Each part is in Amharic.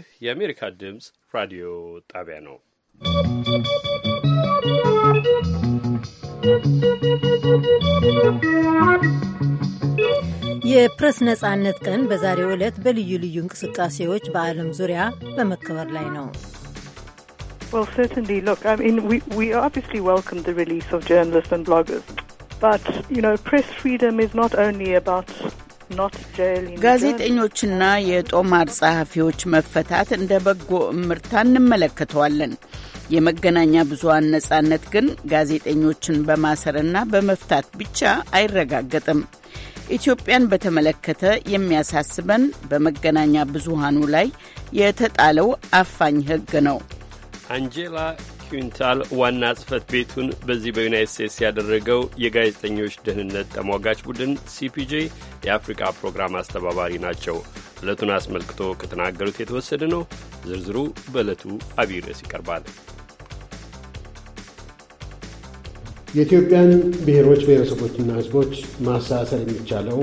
ይህ የአሜሪካ ድምፅ ራዲዮ ጣቢያ ነው። የፕሬስ ነጻነት ቀን በዛሬው ዕለት በልዩ ልዩ እንቅስቃሴዎች በዓለም ዙሪያ በመከበር ላይ ነው። Well, certainly. Look, I mean, we, we obviously welcome the release of journalists and bloggers. But, you know, press freedom is not only about ጋዜጠኞችና የጦማር ጸሐፊዎች መፈታት እንደ በጎ እምርታ እንመለከተዋለን። የመገናኛ ብዙሃን ነጻነት ግን ጋዜጠኞችን በማሰርና በመፍታት ብቻ አይረጋገጥም። ኢትዮጵያን በተመለከተ የሚያሳስበን በመገናኛ ብዙሃኑ ላይ የተጣለው አፋኝ ሕግ ነው። አንጄላ ኩንታል ዋና ጽህፈት ቤቱን በዚህ በዩናይት ስቴትስ ያደረገው የጋዜጠኞች ደህንነት ተሟጋች ቡድን ሲፒጄ የአፍሪካ ፕሮግራም አስተባባሪ ናቸው። ዕለቱን አስመልክቶ ከተናገሩት የተወሰደ ነው። ዝርዝሩ በዕለቱ አብይ ርዕስ ይቀርባል። የኢትዮጵያን ብሔሮች ብሔረሰቦችና ህዝቦች ማሳሰር የሚቻለው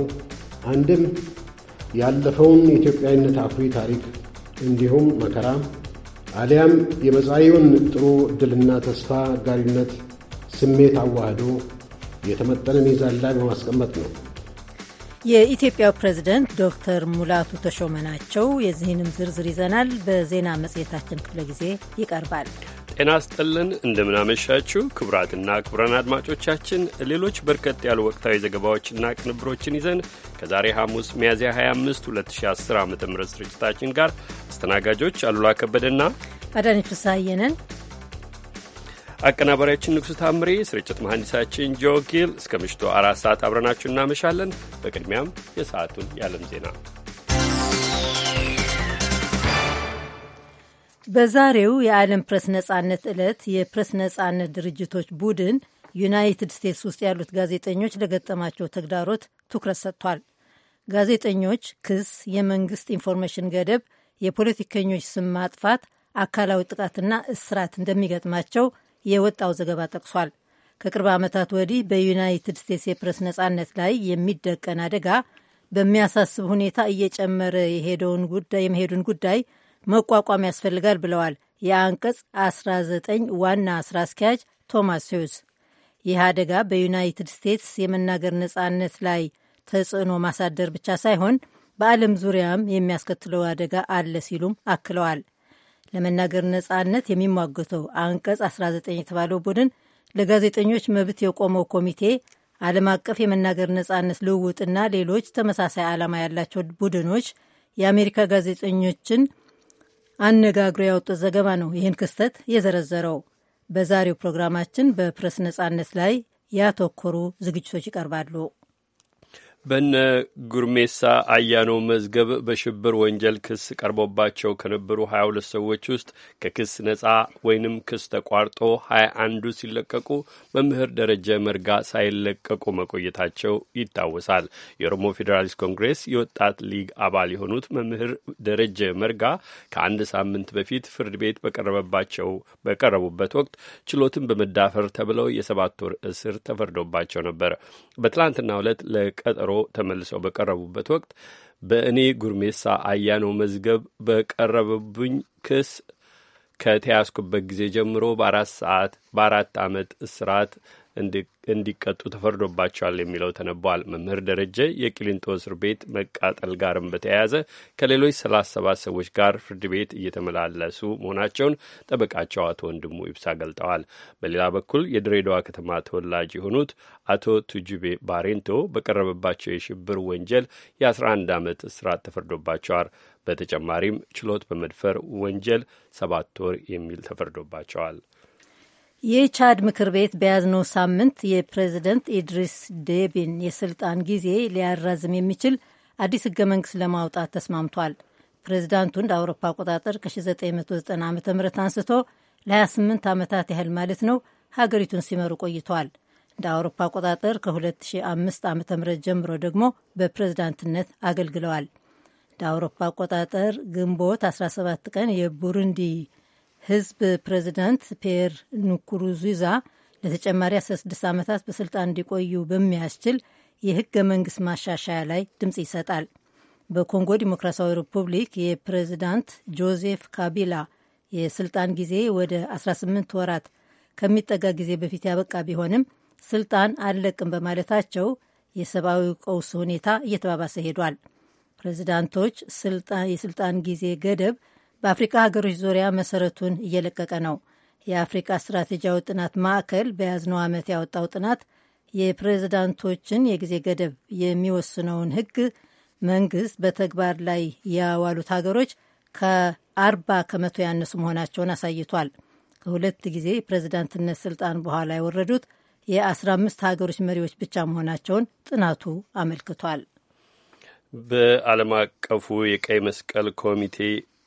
አንድም ያለፈውን የኢትዮጵያዊነት አኩሪ ታሪክ እንዲሁም መከራ አሊያም የመጻኢውን ጥሩ ዕድልና ተስፋ ጋሪነት ስሜት አዋህዶ የተመጠነ ሚዛን ላይ በማስቀመጥ ነው። የኢትዮጵያው ፕሬዝደንት ዶክተር ሙላቱ ተሾመ ናቸው። የዚህንም ዝርዝር ይዘናል። በዜና መጽሔታችን ክፍለ ጊዜ ይቀርባል። ጤና ስጥልን እንደምናመሻችሁ ክቡራትና ክቡራን አድማጮቻችን ሌሎች በርከት ያሉ ወቅታዊ ዘገባዎችና ቅንብሮችን ይዘን ከዛሬ ሐሙስ ሚያዝያ 25 2010 ዓ ም ስርጭታችን ጋር አስተናጋጆች አሉላ ከበደና አዳነች ፍስሐየንን አቀናባሪያችን ንጉሥ ታምሬ፣ ስርጭት መሐንዲሳችን ጆ ጊል እስከ ምሽቱ አራት ሰዓት አብረናችሁ እናመሻለን። በቅድሚያም የሰዓቱን የዓለም ዜና በዛሬው የዓለም ፕሬስ ነጻነት ዕለት የፕሬስ ነጻነት ድርጅቶች ቡድን ዩናይትድ ስቴትስ ውስጥ ያሉት ጋዜጠኞች ለገጠማቸው ተግዳሮት ትኩረት ሰጥቷል። ጋዜጠኞች ክስ፣ የመንግስት ኢንፎርሜሽን ገደብ፣ የፖለቲከኞች ስም ማጥፋት፣ አካላዊ ጥቃትና እስራት እንደሚገጥማቸው የወጣው ዘገባ ጠቅሷል። ከቅርብ ዓመታት ወዲህ በዩናይትድ ስቴትስ የፕሬስ ነጻነት ላይ የሚደቀን አደጋ በሚያሳስብ ሁኔታ እየጨመረ የመሄዱን ጉዳይ መቋቋም ያስፈልጋል ብለዋል የአንቀጽ 19 ዋና ስራ አስኪያጅ ቶማስ ሂውዝ። ይህ አደጋ በዩናይትድ ስቴትስ የመናገር ነጻነት ላይ ተጽዕኖ ማሳደር ብቻ ሳይሆን በዓለም ዙሪያም የሚያስከትለው አደጋ አለ ሲሉም አክለዋል። ለመናገር ነጻነት የሚሟገተው አንቀጽ 19 የተባለው ቡድን ለጋዜጠኞች መብት የቆመው ኮሚቴ ዓለም አቀፍ የመናገር ነጻነት ልውውጥና ሌሎች ተመሳሳይ ዓላማ ያላቸው ቡድኖች የአሜሪካ ጋዜጠኞችን አነጋግሮ ያወጡት ዘገባ ነው ይህን ክስተት የዘረዘረው። በዛሬው ፕሮግራማችን በፕረስ ነጻነት ላይ ያተኮሩ ዝግጅቶች ይቀርባሉ። በነ ጉርሜሳ አያኖ መዝገብ በሽብር ወንጀል ክስ ቀርቦባቸው ከነበሩ 22 ሰዎች ውስጥ ከክስ ነጻ ወይንም ክስ ተቋርጦ ሀያ አንዱ ሲለቀቁ መምህር ደረጀ መርጋ ሳይለቀቁ መቆየታቸው ይታወሳል። የኦሮሞ ፌዴራሊስት ኮንግሬስ የወጣት ሊግ አባል የሆኑት መምህር ደረጀ መርጋ ከአንድ ሳምንት በፊት ፍርድ ቤት በቀረበባቸው በቀረቡበት ወቅት ችሎትን በመዳፈር ተብለው የሰባት ወር እስር ተፈርዶባቸው ነበር። በትላንትና ዕለት ለቀጠሮ ተመልሰው በቀረቡበት ወቅት በእኔ ጉርሜሳ አያነው መዝገብ በቀረበብኝ ክስ ከተያዝኩበት ጊዜ ጀምሮ በአራት ሰዓት በአራት ዓመት እስራት እንዲቀጡ ተፈርዶባቸዋል የሚለው ተነቧል። መምህር ደረጀ የቅሊንቶ እስር ቤት መቃጠል ጋርም በተያያዘ ከሌሎች ሰላሳ ሰባት ሰዎች ጋር ፍርድ ቤት እየተመላለሱ መሆናቸውን ጠበቃቸው አቶ ወንድሙ ይብሳ ገልጠዋል። በሌላ በኩል የድሬዳዋ ከተማ ተወላጅ የሆኑት አቶ ቱጁቤ ባሬንቶ በቀረበባቸው የሽብር ወንጀል የ11 ዓመት እስራት ተፈርዶባቸዋል። በተጨማሪም ችሎት በመድፈር ወንጀል ሰባት ወር የሚል ተፈርዶባቸዋል። የቻድ ምክር ቤት በያዝነው ሳምንት የፕሬዚደንት ኢድሪስ ዴቢን የስልጣን ጊዜ ሊያራዝም የሚችል አዲስ ህገ መንግስት ለማውጣት ተስማምቷል። ፕሬዚዳንቱ እንደ አውሮፓ አቆጣጠር ከ1990 ዓ ም አንስቶ ለ28 ዓመታት ያህል ማለት ነው ሀገሪቱን ሲመሩ ቆይተዋል። እንደ አውሮፓ አቆጣጠር ከ2005 ዓ ም ጀምሮ ደግሞ በፕሬዝዳንትነት አገልግለዋል። እንደ አውሮፓ አቆጣጠር ግንቦት 17 ቀን የቡሩንዲ ህዝብ ፕሬዚዳንት ፒየር ንኩሩዚዛ ለተጨማሪ 16 ዓመታት በስልጣን እንዲቆዩ በሚያስችል የህገ መንግስት ማሻሻያ ላይ ድምፅ ይሰጣል። በኮንጎ ዲሞክራሲያዊ ሪፑብሊክ የፕሬዚዳንት ጆዜፍ ካቢላ የስልጣን ጊዜ ወደ 18 ወራት ከሚጠጋ ጊዜ በፊት ያበቃ ቢሆንም ስልጣን አልለቅም በማለታቸው የሰብአዊ ቀውስ ሁኔታ እየተባባሰ ሄዷል። ፕሬዚዳንቶች የስልጣን ጊዜ ገደብ በአፍሪካ ሀገሮች ዙሪያ መሰረቱን እየለቀቀ ነው። የአፍሪካ ስትራቴጂያዊ ጥናት ማዕከል በያዝነው ዓመት ያወጣው ጥናት የፕሬዝዳንቶችን የጊዜ ገደብ የሚወስነውን ሕግ መንግስት በተግባር ላይ ያዋሉት ሀገሮች ከአርባ ከመቶ ያነሱ መሆናቸውን አሳይቷል። ከሁለት ጊዜ የፕሬዝዳንትነት ስልጣን በኋላ የወረዱት የ15 ሀገሮች መሪዎች ብቻ መሆናቸውን ጥናቱ አመልክቷል። በዓለም አቀፉ የቀይ መስቀል ኮሚቴ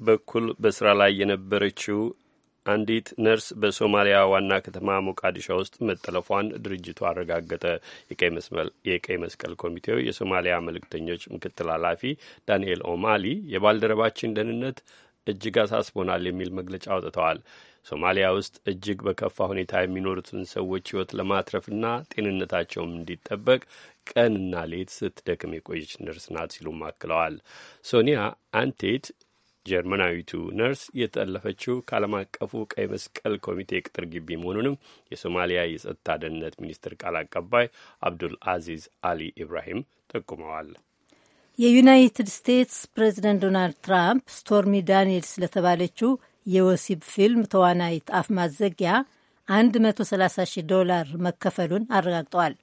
በኩል በስራ ላይ የነበረችው አንዲት ነርስ በሶማሊያ ዋና ከተማ ሞቃዲሻ ውስጥ መጠለፏን ድርጅቱ አረጋገጠ። የቀይ መስቀል ኮሚቴው የሶማሊያ መልእክተኞች ምክትል ኃላፊ ዳንኤል ኦማሊ የባልደረባችን ደህንነት እጅግ አሳስቦናል የሚል መግለጫ አውጥተዋል። ሶማሊያ ውስጥ እጅግ በከፋ ሁኔታ የሚኖሩትን ሰዎች ሕይወት ለማትረፍና ጤንነታቸውም እንዲጠበቅ ቀንና ሌት ስትደክም የቆየች ነርስ ናት ሲሉም አክለዋል። ሶኒያ አንቴት ጀርመናዊቱ ነርስ የጠለፈችው ከዓለም አቀፉ ቀይ መስቀል ኮሚቴ ቅጥር ግቢ መሆኑንም የሶማሊያ የጸጥታ ደህንነት ሚኒስትር ቃል አቀባይ አብዱል አዚዝ አሊ ኢብራሂም ጠቁመዋል። የዩናይትድ ስቴትስ ፕሬዚደንት ዶናልድ ትራምፕ ስቶርሚ ዳንኤልስ ለተባለችው የወሲብ ፊልም ተዋናይት አፍ ማዘጊያ 130 ሺህ ዶላር መከፈሉን አረጋግጠዋል።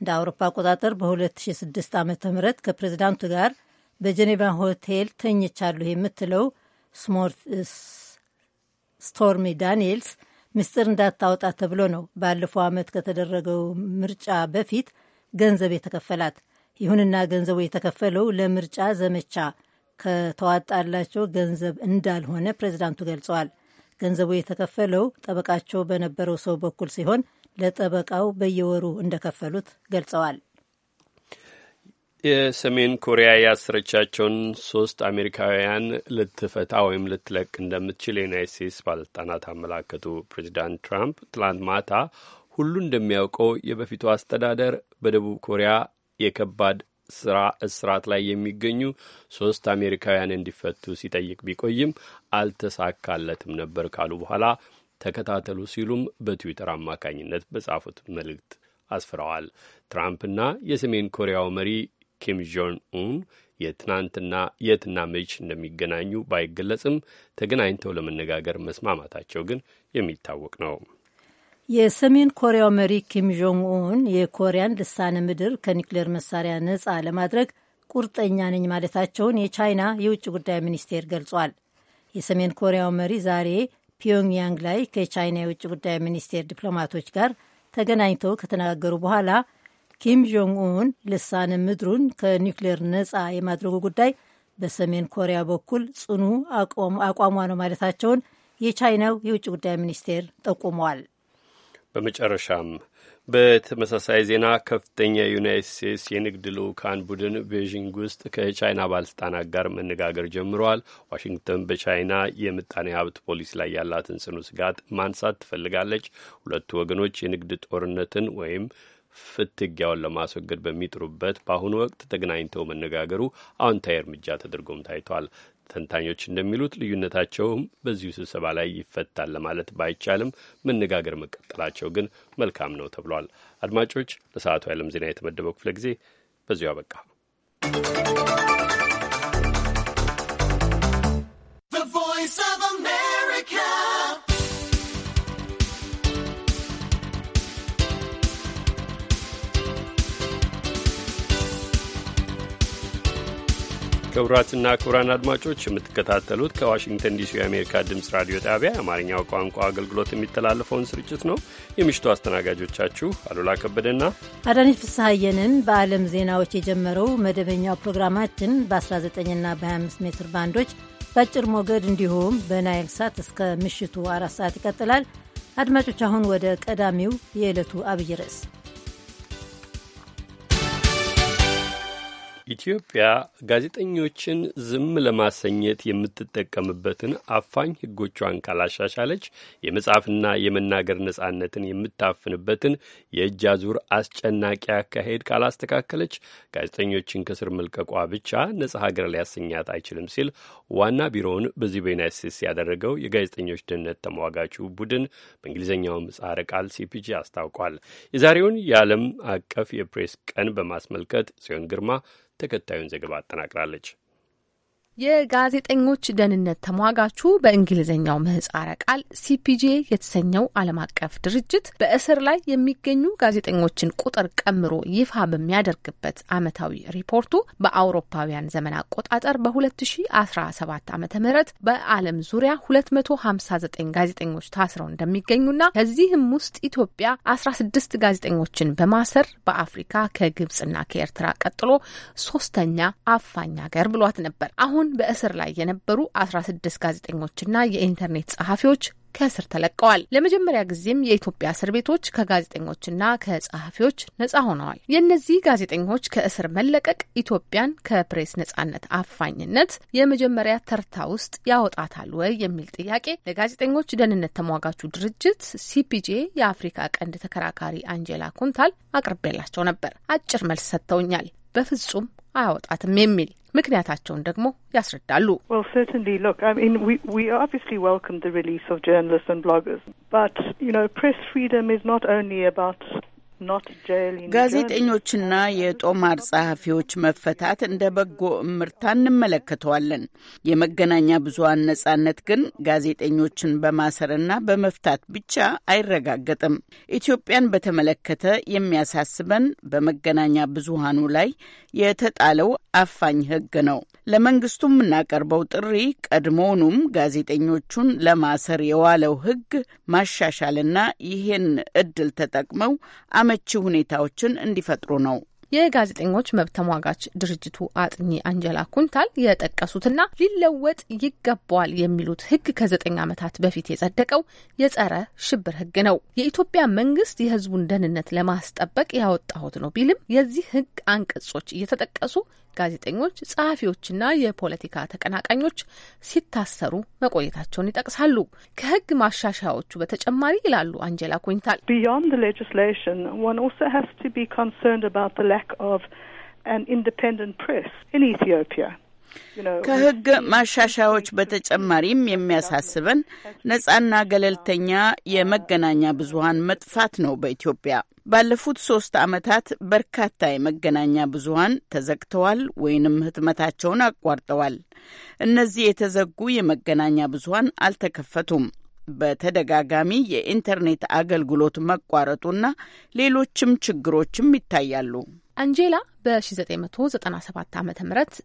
እንደ አውሮፓ አቆጣጠር በ2006 ዓ ም ከፕሬዚዳንቱ ጋር በጀኔቫ ሆቴል ተኝቻለሁ የምትለው ስቶርሚ ዳንኤልስ ምስጢር እንዳታወጣ ተብሎ ነው ባለፈው ዓመት ከተደረገው ምርጫ በፊት ገንዘብ የተከፈላት። ይሁንና ገንዘቡ የተከፈለው ለምርጫ ዘመቻ ከተዋጣላቸው ገንዘብ እንዳልሆነ ፕሬዚዳንቱ ገልጸዋል። ገንዘቡ የተከፈለው ጠበቃቸው በነበረው ሰው በኩል ሲሆን ለጠበቃው በየወሩ እንደከፈሉት ገልጸዋል። የሰሜን ኮሪያ ያስረቻቸውን ሶስት አሜሪካውያን ልትፈታ ወይም ልትለቅ እንደምትችል የዩናይት ስቴትስ ባለስልጣናት አመላከቱ። ፕሬዚዳንት ትራምፕ ትላንት ማታ ሁሉ እንደሚያውቀው የበፊቱ አስተዳደር በደቡብ ኮሪያ የከባድ ስራ እስራት ላይ የሚገኙ ሶስት አሜሪካውያን እንዲፈቱ ሲጠይቅ ቢቆይም አልተሳካለትም ነበር ካሉ በኋላ ተከታተሉ ሲሉም በትዊተር አማካኝነት በጻፉት መልእክት አስፍረዋል። ትራምፕና የሰሜን ኮሪያው መሪ ኪም ጆን ኡን የትናንትና የትና መች እንደሚገናኙ ባይገለጽም ተገናኝተው ለመነጋገር መስማማታቸው ግን የሚታወቅ ነው። የሰሜን ኮሪያው መሪ ኪም ጆንግ ኡን የኮሪያን ልሳነ ምድር ከኒውክሌር መሳሪያ ነጻ ለማድረግ ቁርጠኛ ነኝ ማለታቸውን የቻይና የውጭ ጉዳይ ሚኒስቴር ገልጿል። የሰሜን ኮሪያው መሪ ዛሬ ፒዮንግያንግ ላይ ከቻይና የውጭ ጉዳይ ሚኒስቴር ዲፕሎማቶች ጋር ተገናኝተው ከተነጋገሩ በኋላ ኪም ጆንግ ኡን ልሳነ ምድሩን ከኒውክሌር ነጻ የማድረጉ ጉዳይ በሰሜን ኮሪያ በኩል ጽኑ አቋሟ ነው ማለታቸውን የቻይናው የውጭ ጉዳይ ሚኒስቴር ጠቁመዋል። በመጨረሻም በተመሳሳይ ዜና ከፍተኛ የዩናይት ስቴትስ የንግድ ልዑካን ቡድን ቤዥንግ ውስጥ ከቻይና ባለስልጣናት ጋር መነጋገር ጀምረዋል። ዋሽንግተን በቻይና የምጣኔ ሀብት ፖሊሲ ላይ ያላትን ጽኑ ስጋት ማንሳት ትፈልጋለች። ሁለቱ ወገኖች የንግድ ጦርነትን ወይም ፍትጊያውን ለማስወገድ በሚጥሩበት በአሁኑ ወቅት ተገናኝተው መነጋገሩ አዎንታዊ እርምጃ ተደርጎም ታይቷል። ተንታኞች እንደሚሉት ልዩነታቸውም በዚሁ ስብሰባ ላይ ይፈታል ለማለት ባይቻልም መነጋገር መቀጠላቸው ግን መልካም ነው ተብሏል። አድማጮች፣ ለሰዓቱ የዓለም ዜና የተመደበው ክፍለ ጊዜ በዚሁ አበቃ። ክቡራትና ክቡራን አድማጮች የምትከታተሉት ከዋሽንግተን ዲሲ የአሜሪካ ድምፅ ራዲዮ ጣቢያ የአማርኛው ቋንቋ አገልግሎት የሚተላለፈውን ስርጭት ነው። የምሽቱ አስተናጋጆቻችሁ አሉላ ከበደና አዳነች ፍስሐየንን በዓለም ዜናዎች የጀመረው መደበኛው ፕሮግራማችን በ19ና በ25 ሜትር ባንዶች በአጭር ሞገድ እንዲሁም በናይል ሳት እስከ ምሽቱ አራት ሰዓት ይቀጥላል። አድማጮች አሁን ወደ ቀዳሚው የዕለቱ አብይ ርዕስ ኢትዮጵያ ጋዜጠኞችን ዝም ለማሰኘት የምትጠቀምበትን አፋኝ ሕጎቿን ካላሻሻለች የመጻፍና የመናገር ነጻነትን የምታፍንበትን የእጅ አዙር አስጨናቂ አካሄድ ካላስተካከለች ጋዜጠኞችን ከስር መልቀቋ ብቻ ነጻ ሀገር ሊያሰኛት አይችልም ሲል ዋና ቢሮውን በዚህ በዩናይት ስቴትስ ያደረገው የጋዜጠኞች ደህንነት ተሟጋቹ ቡድን በእንግሊዝኛው ምጻረ ቃል ሲፒጂ አስታውቋል። የዛሬውን የዓለም አቀፍ የፕሬስ ቀን በማስመልከት ጽዮን ግርማ ተከታዩን ዘገባ አጠናቅራለች። የጋዜጠኞች ደህንነት ተሟጋቹ በእንግሊዝኛው ምህጻረ ቃል ሲፒጄ የተሰኘው ዓለም አቀፍ ድርጅት በእስር ላይ የሚገኙ ጋዜጠኞችን ቁጥር ቀምሮ ይፋ በሚያደርግበት ዓመታዊ ሪፖርቱ በአውሮፓውያን ዘመን አቆጣጠር በ2017 ዓ ም በዓለም ዙሪያ 259 ጋዜጠኞች ታስረው እንደሚገኙና ከዚህም ውስጥ ኢትዮጵያ 16 ጋዜጠኞችን በማሰር በአፍሪካ ከግብጽና ከኤርትራ ቀጥሎ ሶስተኛ አፋኝ ሀገር ብሏት ነበር አሁን እስካሁን በእስር ላይ የነበሩ 16 ጋዜጠኞችና የኢንተርኔት ጸሐፊዎች ከእስር ተለቀዋል። ለመጀመሪያ ጊዜም የኢትዮጵያ እስር ቤቶች ከጋዜጠኞችና ከጸሐፊዎች ነጻ ሆነዋል። የእነዚህ ጋዜጠኞች ከእስር መለቀቅ ኢትዮጵያን ከፕሬስ ነጻነት አፋኝነት የመጀመሪያ ተርታ ውስጥ ያወጣታል ወይ የሚል ጥያቄ ለጋዜጠኞች ደህንነት ተሟጋቹ ድርጅት ሲፒጄ የአፍሪካ ቀንድ ተከራካሪ አንጀላ ኩንታል አቅርቤላቸው ነበር። አጭር መልስ ሰጥተውኛል። በፍጹም አያወጣትም የሚል ምክንያታቸውን ደግሞ ያስረዳሉ። ጋዜጠኞችና የጦማር ጸሐፊዎች መፈታት እንደ በጎ እምርታ እንመለከተዋለን። የመገናኛ ብዙሃን ነጻነት ግን ጋዜጠኞችን በማሰርና በመፍታት ብቻ አይረጋገጥም። ኢትዮጵያን በተመለከተ የሚያሳስበን በመገናኛ ብዙሃኑ ላይ የተጣለው አፋኝ ሕግ ነው። ለመንግስቱም የምናቀርበው ጥሪ ቀድሞውኑም ጋዜጠኞቹን ለማሰር የዋለው ሕግ ማሻሻልና ይህን እድል ተጠቅመው አመቺ ሁኔታዎችን እንዲፈጥሩ ነው። የጋዜጠኞች መብት ተሟጋች ድርጅቱ አጥኚ አንጀላ ኩንታል የጠቀሱትና ሊለወጥ ይገባዋል የሚሉት ህግ ከዘጠኝ ዓመታት በፊት የጸደቀው የጸረ ሽብር ህግ ነው። የኢትዮጵያ መንግስት የህዝቡን ደህንነት ለማስጠበቅ ያወጣሁት ነው ቢልም የዚህ ህግ አንቀጾች እየተጠቀሱ ጋዜጠኞች፣ ጸሐፊዎችና የፖለቲካ ተቀናቃኞች ሲታሰሩ መቆየታቸውን ይጠቅሳሉ። ከህግ ማሻሻያዎቹ በተጨማሪ ይላሉ አንጀላ ኩኝታል ን ኢንዲፔንደንት ፕሬስ ኢን ኢትዮጵያ ከህግ ማሻሻያዎች በተጨማሪም የሚያሳስበን ነጻና ገለልተኛ የመገናኛ ብዙሀን መጥፋት ነው። በኢትዮጵያ ባለፉት ሶስት ዓመታት በርካታ የመገናኛ ብዙሀን ተዘግተዋል ወይንም ህትመታቸውን አቋርጠዋል። እነዚህ የተዘጉ የመገናኛ ብዙሀን አልተከፈቱም። በተደጋጋሚ የኢንተርኔት አገልግሎት መቋረጡና ሌሎችም ችግሮችም ይታያሉ። አንጄላ በ1997 ዓ ም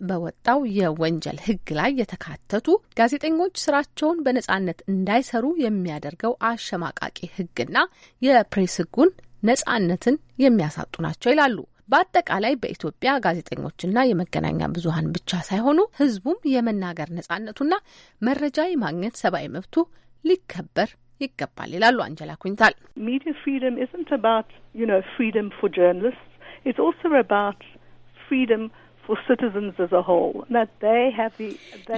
በወጣው የወንጀል ህግ ላይ የተካተቱ ጋዜጠኞች ስራቸውን በነጻነት እንዳይሰሩ የሚያደርገው አሸማቃቂ ህግና የፕሬስ ህጉን ነጻነትን የሚያሳጡ ናቸው ይላሉ። በአጠቃላይ በኢትዮጵያ ጋዜጠኞችና የመገናኛ ብዙሀን ብቻ ሳይሆኑ ህዝቡም የመናገር ነጻነቱና መረጃ የማግኘት ሰብአዊ መብቱ ሊከበር ይገባል ይላሉ አንጀላ ኩኝታል። ሚዲያ ፍሪደም It's also about freedom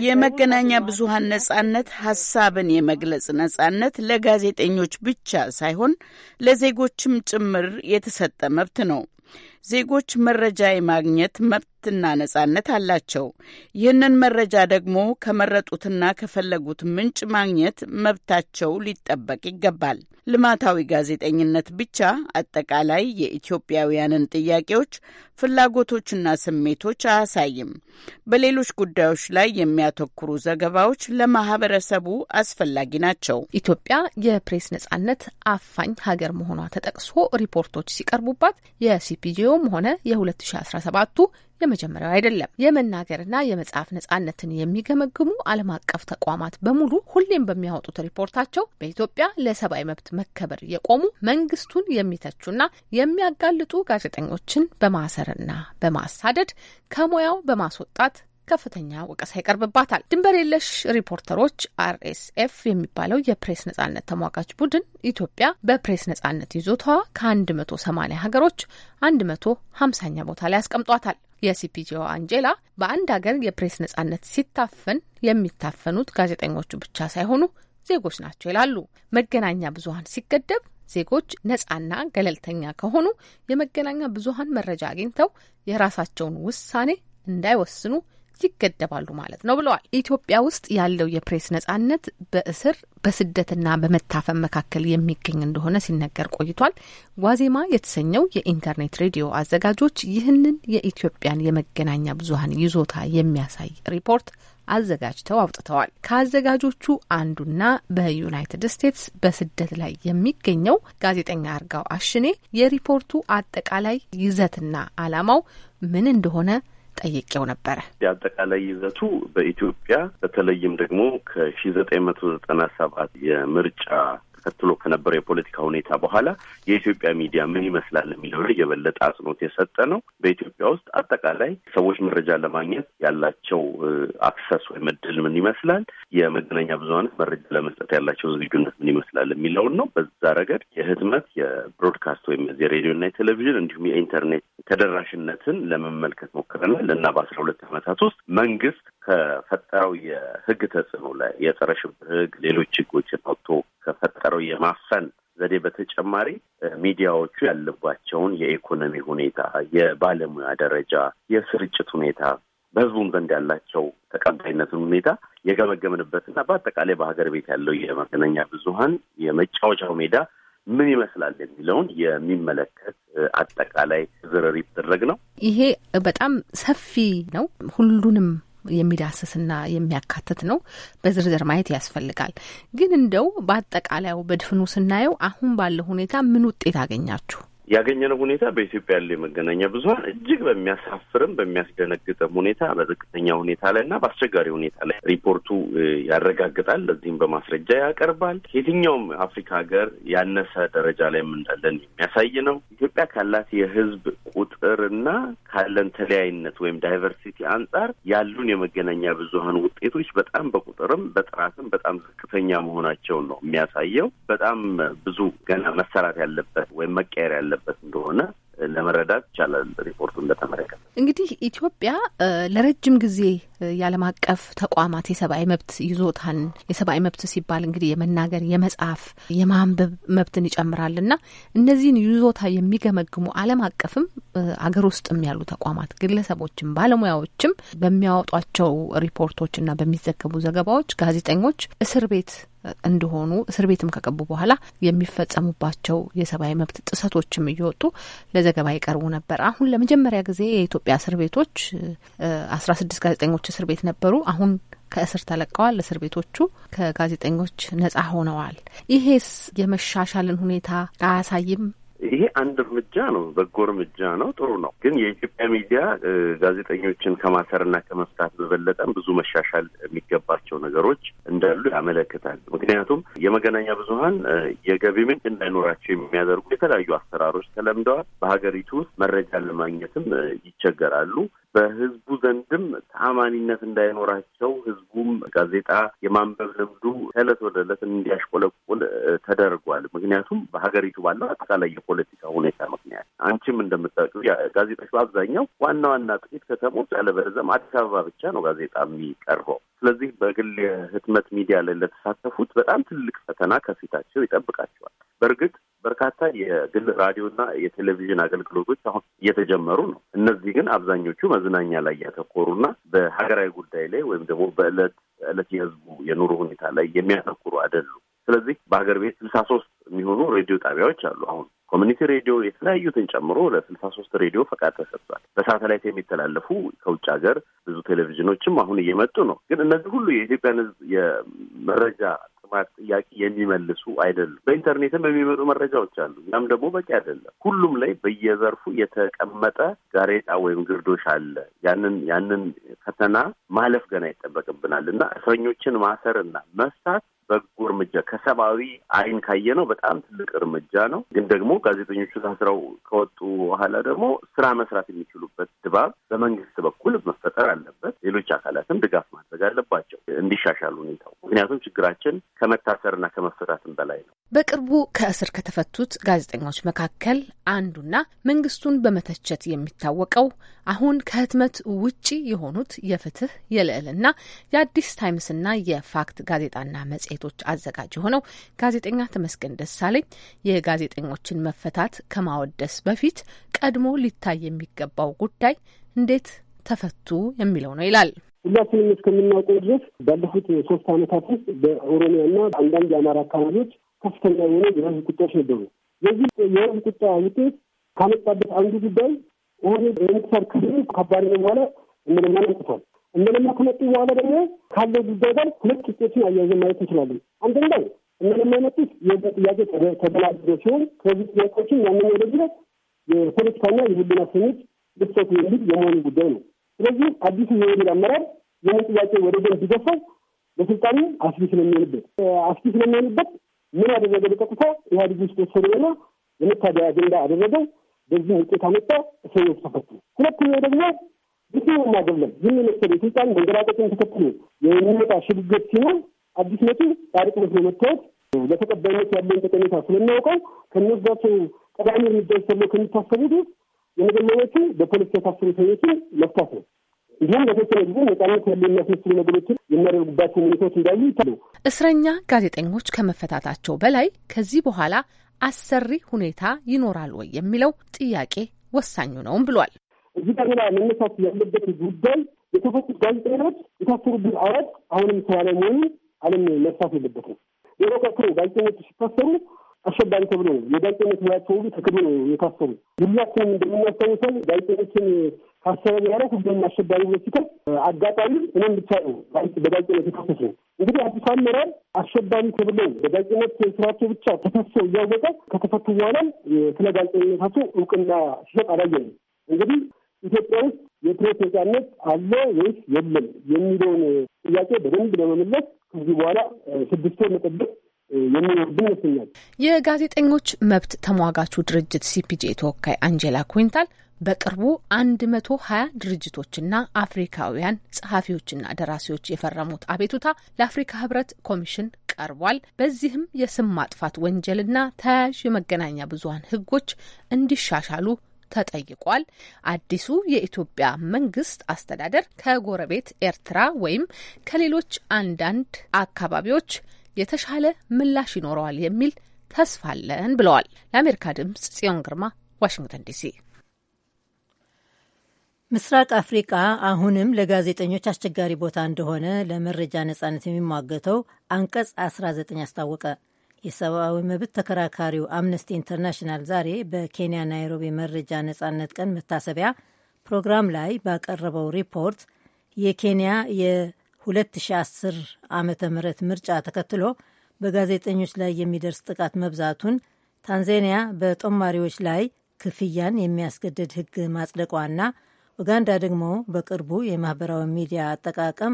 የመገናኛ ብዙኃን ነጻነት ሀሳብን የመግለጽ ነጻነት ለጋዜጠኞች ብቻ ሳይሆን ለዜጎችም ጭምር የተሰጠ መብት ነው። ዜጎች መረጃ የማግኘት መብት መብትና ነጻነት አላቸው። ይህንን መረጃ ደግሞ ከመረጡትና ከፈለጉት ምንጭ ማግኘት መብታቸው ሊጠበቅ ይገባል። ልማታዊ ጋዜጠኝነት ብቻ አጠቃላይ የኢትዮጵያውያንን ጥያቄዎች፣ ፍላጎቶችና ስሜቶች አያሳይም። በሌሎች ጉዳዮች ላይ የሚያተኩሩ ዘገባዎች ለማህበረሰቡ አስፈላጊ ናቸው። ኢትዮጵያ የፕሬስ ነጻነት አፋኝ ሀገር መሆኗ ተጠቅሶ ሪፖርቶች ሲቀርቡባት የሲፒጄውም ሆነ የ2017 የመጀመሪያው አይደለም። የመናገርና የመጽሐፍ ነጻነትን የሚገመግሙ ዓለም አቀፍ ተቋማት በሙሉ ሁሌም በሚያወጡት ሪፖርታቸው በኢትዮጵያ ለሰብአዊ መብት መከበር የቆሙ መንግስቱን የሚተቹና የሚያጋልጡ ጋዜጠኞችን በማሰርና በማሳደድ ከሙያው በማስወጣት ከፍተኛ ወቀሳ ይቀርብባታል። ድንበር የለሽ ሪፖርተሮች አርኤስኤፍ የሚባለው የፕሬስ ነጻነት ተሟጋች ቡድን ኢትዮጵያ በፕሬስ ነጻነት ይዞታዋ መቶ ሰማኒያ ሀገሮች መቶ ሀምሳኛ ቦታ ላይ አስቀምጧታል። የሲፒጂኦ አንጄላ በአንድ ሀገር የፕሬስ ነጻነት ሲታፈን የሚታፈኑት ጋዜጠኞቹ ብቻ ሳይሆኑ ዜጎች ናቸው ይላሉ። መገናኛ ብዙሀን ሲገደብ ዜጎች ነጻና ገለልተኛ ከሆኑ የመገናኛ ብዙሀን መረጃ አግኝተው የራሳቸውን ውሳኔ እንዳይወስኑ ይገደባሉ ማለት ነው ብለዋል። ኢትዮጵያ ውስጥ ያለው የፕሬስ ነጻነት በእስር በስደትና በመታፈን መካከል የሚገኝ እንደሆነ ሲነገር ቆይቷል። ዋዜማ የተሰኘው የኢንተርኔት ሬዲዮ አዘጋጆች ይህንን የኢትዮጵያን የመገናኛ ብዙኃን ይዞታ የሚያሳይ ሪፖርት አዘጋጅተው አውጥተዋል። ከአዘጋጆቹ አንዱና በዩናይትድ ስቴትስ በስደት ላይ የሚገኘው ጋዜጠኛ አርጋው አሽኔ የሪፖርቱ አጠቃላይ ይዘትና ዓላማው ምን እንደሆነ ጠይቄው ነበረ። የአጠቃላይ ይዘቱ በኢትዮጵያ በተለይም ደግሞ ከሺ ዘጠኝ መቶ ዘጠና ሰባት የምርጫ ተከትሎ ከነበረው የፖለቲካ ሁኔታ በኋላ የኢትዮጵያ ሚዲያ ምን ይመስላል የሚለው ላይ የበለጠ አጽንኦት የሰጠ ነው። በኢትዮጵያ ውስጥ አጠቃላይ ሰዎች መረጃ ለማግኘት ያላቸው አክሰስ ወይም እድል ምን ይመስላል፣ የመገናኛ ብዙኃን መረጃ ለመስጠት ያላቸው ዝግጁነት ምን ይመስላል የሚለውን ነው። በዛ ረገድ የህትመት የብሮድካስት ወይም የዚህ ሬዲዮና የቴሌቪዥን እንዲሁም የኢንተርኔት ተደራሽነትን ለመመልከት ሞክረናል እና በአስራ ሁለት ዓመታት ውስጥ መንግስት ከፈጠረው የህግ ተጽዕኖ ላይ የጸረ ሽብር ህግ፣ ሌሎች ህጎችን አውጥቶ ከፈጠረው የማፈን ዘዴ በተጨማሪ ሚዲያዎቹ ያለባቸውን የኢኮኖሚ ሁኔታ፣ የባለሙያ ደረጃ፣ የስርጭት ሁኔታ በህዝቡም ዘንድ ያላቸው ተቀባይነትን ሁኔታ የገመገምንበትና በአጠቃላይ በሀገር ቤት ያለው የመገናኛ ብዙሀን የመጫወቻው ሜዳ ምን ይመስላል የሚለውን የሚመለከት አጠቃላይ ዝርር ይደረግ ነው። ይሄ በጣም ሰፊ ነው። ሁሉንም የሚዳስስና የሚያካትት ነው። በዝርዝር ማየት ያስፈልጋል። ግን እንደው በአጠቃላዩ በድፍኑ ስናየው አሁን ባለው ሁኔታ ምን ውጤት አገኛችሁ? ያገኘነው ሁኔታ በኢትዮጵያ ያለው የመገናኛ ብዙኃን እጅግ በሚያሳፍርም በሚያስደነግጥም ሁኔታ በዝቅተኛ ሁኔታ ላይ እና በአስቸጋሪ ሁኔታ ላይ ሪፖርቱ ያረጋግጣል። ለዚህም በማስረጃ ያቀርባል። ከየትኛውም አፍሪካ ሀገር ያነሰ ደረጃ ላይ እንዳለን የሚያሳይ ነው። ኢትዮጵያ ካላት ቁጥር ቁጥርና ካለን ተለያይነት ወይም ዳይቨርሲቲ አንጻር ያሉን የመገናኛ ብዙኃን ውጤቶች በጣም በቁጥርም በጥራትም በጣም ዝቅተኛ መሆናቸውን ነው የሚያሳየው። በጣም ብዙ ገና መሰራት ያለበት ወይም መቀየር ያለበት ያለበት እንደሆነ ለመረዳት ይቻላል። ሪፖርቱ እንደተመለከተ እንግዲህ ኢትዮጵያ ለረጅም ጊዜ የዓለም አቀፍ ተቋማት የሰብአዊ መብት ይዞታን የሰብአዊ መብት ሲባል እንግዲህ የመናገር፣ የመጽሐፍ የማንበብ መብትን ይጨምራል እና እነዚህን ይዞታ የሚገመግሙ ዓለም አቀፍም አገር ውስጥም ያሉ ተቋማት ግለሰቦችም ባለሙያዎችም በሚያወጧቸው ሪፖርቶችና በሚዘገቡ ዘገባዎች ጋዜጠኞች እስር ቤት እንደሆኑ እስር ቤትም ከገቡ በኋላ የሚፈጸሙባቸው የሰብአዊ መብት ጥሰቶችም እየወጡ ለዘገባ ይቀርቡ ነበር። አሁን ለመጀመሪያ ጊዜ የኢትዮ የኢትዮጵያ እስር ቤቶች አስራ ስድስት ጋዜጠኞች እስር ቤት ነበሩ። አሁን ከእስር ተለቀዋል። እስር ቤቶቹ ከጋዜጠኞች ነጻ ሆነዋል። ይሄስ የመሻሻልን ሁኔታ አያሳይም? ይሄ አንድ እርምጃ ነው፣ በጎ እርምጃ ነው፣ ጥሩ ነው። ግን የኢትዮጵያ ሚዲያ ጋዜጠኞችን ከማሰርና ከመፍታት በበለጠም ብዙ መሻሻል የሚገባቸው ነገሮች እንዳሉ ያመለክታል። ምክንያቱም የመገናኛ ብዙኃን የገቢ ምንጭ እንዳይኖራቸው የሚያደርጉ የተለያዩ አሰራሮች ተለምደዋል። በሀገሪቱ ውስጥ መረጃ ለማግኘትም ይቸገራሉ። በህዝቡ ዘንድም ተአማኒነት እንዳይኖራቸው ህዝቡም ጋዜጣ የማንበብ ልምዱ ከእለት ወደ እለት እንዲያሽቆለቁል ተደርጓል። ምክንያቱም በሀገሪቱ ባለው አጠቃላይ የፖለቲካ ሁኔታ ምክንያት አንቺም እንደምታውቂው ጋዜጦች በአብዛኛው ዋና ዋና ጥቂት ከተሞች ያለበለዚያም አዲስ አበባ ብቻ ነው ጋዜጣ የሚቀርበው። ስለዚህ በግል የህትመት ሚዲያ ላይ ለተሳተፉት በጣም ትልቅ ፈተና ከፊታቸው ይጠብቃቸዋል። በእርግጥ በርካታ የግል ራዲዮና የቴሌቪዥን አገልግሎቶች አሁን እየተጀመሩ ነው። እነዚህ ግን አብዛኞቹ መዝናኛ ላይ ያተኮሩና በሀገራዊ ጉዳይ ላይ ወይም ደግሞ በእለት እለት የህዝቡ የኑሮ ሁኔታ ላይ የሚያተኩሩ አይደሉም። ስለዚህ በሀገር ቤት ስልሳ ሶስት የሚሆኑ ሬዲዮ ጣቢያዎች አሉ። አሁን ኮሚኒቲ ሬዲዮ የተለያዩትን ጨምሮ ለስልሳ ሶስት ሬዲዮ ፈቃድ ተሰጥቷል። በሳተላይት የሚተላለፉ ከውጭ ሀገር ብዙ ቴሌቪዥኖችም አሁን እየመጡ ነው። ግን እነዚህ ሁሉ የኢትዮጵያን ህዝብ የመረጃ የማጥፋት ጥያቄ የሚመልሱ አይደሉም። በኢንተርኔትም የሚመጡ መረጃዎች አሉ። ያም ደግሞ በቂ አይደለም። ሁሉም ላይ በየዘርፉ የተቀመጠ ጋሬጣ ወይም ግርዶሽ አለ። ያንን ያንን ፈተና ማለፍ ገና ይጠበቅብናል እና እስረኞችን ማሰር እና መፍታት በጎ እርምጃ ከሰብአዊ አይን ካየ ነው በጣም ትልቅ እርምጃ ነው። ግን ደግሞ ጋዜጠኞቹ ታስረው ከወጡ በኋላ ደግሞ ስራ መስራት የሚችሉበት ድባብ በመንግስት በኩል መፈጠር አለበት። ሌሎች አካላትም ድጋፍ ማድረግ አለባቸው እንዲሻሻል ሁኔታው። ምክንያቱም ችግራችን ከመታሰርና ከመፈታትም በላይ ነው። በቅርቡ ከእስር ከተፈቱት ጋዜጠኞች መካከል አንዱና መንግስቱን በመተቸት የሚታወቀው አሁን ከህትመት ውጪ የሆኑት የፍትህ የልዕልና፣ የአዲስ ታይምስና የፋክት ጋዜጣና መጽሔት መጽሔቶች አዘጋጅ የሆነው ጋዜጠኛ ተመስገን ደሳለኝ የጋዜጠኞችን መፈታት ከማወደስ በፊት ቀድሞ ሊታይ የሚገባው ጉዳይ እንዴት ተፈቱ የሚለው ነው ይላል። ሁላችንም እስከምናውቀው ድረስ ባለፉት ሶስት ዓመታት ውስጥ በኦሮሚያና አንዳንድ የአማራ አካባቢዎች ከፍተኛ የሆነ የህዝብ ቁጣዎች ነበሩ። የዚህ የህዝብ ቁጣ ውጤት ካመጣበት አንዱ ጉዳይ ኦህዴድ የምትሰር ክፍል ከባድ ነው በኋላ እንደለማን አንጥቷል። እንደለማ ከመጡ በኋላ ደግሞ ካለው ጉዳይ ጋር ሁለት ክስቶችን አያይዘን ማየት እንችላለን። አንደኛው እንደለማ የመጡት የህዝብ ጥያቄ ተደናግዶ ሲሆን ከዚህ ጥያቄዎችን ያንኛው ደግሞ የፖለቲካና የህሊና እስረኞች ልትፈቱ የሚል የመሆኑ ጉዳይ ነው። ስለዚህ አዲሱ የወሚል አመራር ይህን ጥያቄ ወደ ጎን ቢገፋው በስልጣኑ አስጊ ስለሚሆንበት አስጊ ስለሚሆንበት ምን አደረገ? በቀጥታ ኢህአዴግ ውስጥ ወሰደና የመታደያ አጀንዳ አደረገው። በዚህ ውጤት አመጣ፣ እስረኞች ተፈቱ። ሁለተኛው ደግሞ ብቻውን አይደለም። ዝም የመሰለ የስልጣን መንገራቀጥን ተከትሎ የሚመጣ ሽግግር ሲሆን አዲስ መቱ ጻድቅ መስሎ መታየት ለተቀባይነት ያለውን ጠቀሜታ ስለሚያውቀው ከነዛቸው ቀዳሚ እርምጃዎች ተብሎ ከሚታሰቡት ውስጥ የመጀመሪያዎቹ በፖለቲካ የታሰሩ ሰዎችን መፍታት ነው። እንዲሁም በተወሰነ ጊዜ ነጻነት ያለ የሚያስመስሉ ነገሮችን የሚያደርጉባቸው ሁኔታዎች እንዳሉ ይታሉ። እስረኛ ጋዜጠኞች ከመፈታታቸው በላይ ከዚህ በኋላ አሰሪ ሁኔታ ይኖራል ወይ የሚለው ጥያቄ ወሳኙ ነውም ብሏል። እዚህ ጋር ሌላ መነሳት ያለበት ጉዳይ የተፈቱ ጋዜጠኞች የታሰሩብን አዋጅ አሁንም ስራ ላይ መሆኑን ዓለም መርሳት ነው። ሌላው ቀርቶ ጋዜጠኞች ሲታሰሩ አሸባሪ ተብሎ ነው የጋዜጠኞች ሙያቸው ሁሉ ተክዶ ነው የታሰሩ። ሁላችንም እንደምናስታውሰው ጋዜጠኞችን ካሰበ ያለ ሁሉም አሸባሪ ብሎ ሲከፍ አጋጣሚ እኔም ብቻ ነው በጋዜጠኞች የታሰሱ። እንግዲህ አዲስ አመራር አሸባሪ ተብሎ በጋዜጠኞች ስራቸው ብቻ ተከሰው እያወቀ ከተፈቱ በኋላ ስለ ጋዜጠኝነታቸው እውቅና ሲሰጥ አላየንም። እንግዲህ ኢትዮጵያ ውስጥ የፕሬስ ነጻነት አለ ወይስ የለም የሚለውን ጥያቄ በደንብ ለመመለስ ከዚህ በኋላ ስድስት ወር መጠበቅ የጋዜጠኞች መብት ተሟጋቹ ድርጅት ሲፒጄ ተወካይ አንጀላ ኩንታል በቅርቡ አንድ መቶ ሀያ ድርጅቶችና አፍሪካውያን ጸሐፊዎችና ደራሲዎች የፈረሙት አቤቱታ ለአፍሪካ ህብረት ኮሚሽን ቀርቧል። በዚህም የስም ማጥፋት ወንጀልና ተያያዥ የመገናኛ ብዙሀን ህጎች እንዲሻሻሉ ተጠይቋል። አዲሱ የኢትዮጵያ መንግስት አስተዳደር ከጎረቤት ኤርትራ ወይም ከሌሎች አንዳንድ አካባቢዎች የተሻለ ምላሽ ይኖረዋል የሚል ተስፋ አለን ብለዋል። ለአሜሪካ ድምጽ ጽዮን ግርማ ዋሽንግተን ዲሲ። ምስራቅ አፍሪቃ አሁንም ለጋዜጠኞች አስቸጋሪ ቦታ እንደሆነ ለመረጃ ነጻነት የሚሟገተው አንቀጽ 19 አስታወቀ። የሰብአዊ መብት ተከራካሪው አምነስቲ ኢንተርናሽናል ዛሬ በኬንያ ናይሮቢ መረጃ ነጻነት ቀን መታሰቢያ ፕሮግራም ላይ ባቀረበው ሪፖርት የኬንያ የ2010 ዓ ም ምርጫ ተከትሎ በጋዜጠኞች ላይ የሚደርስ ጥቃት መብዛቱን፣ ታንዛኒያ በጦማሪዎች ላይ ክፍያን የሚያስገድድ ሕግ ማጽደቋና ኡጋንዳ ደግሞ በቅርቡ የማህበራዊ ሚዲያ አጠቃቀም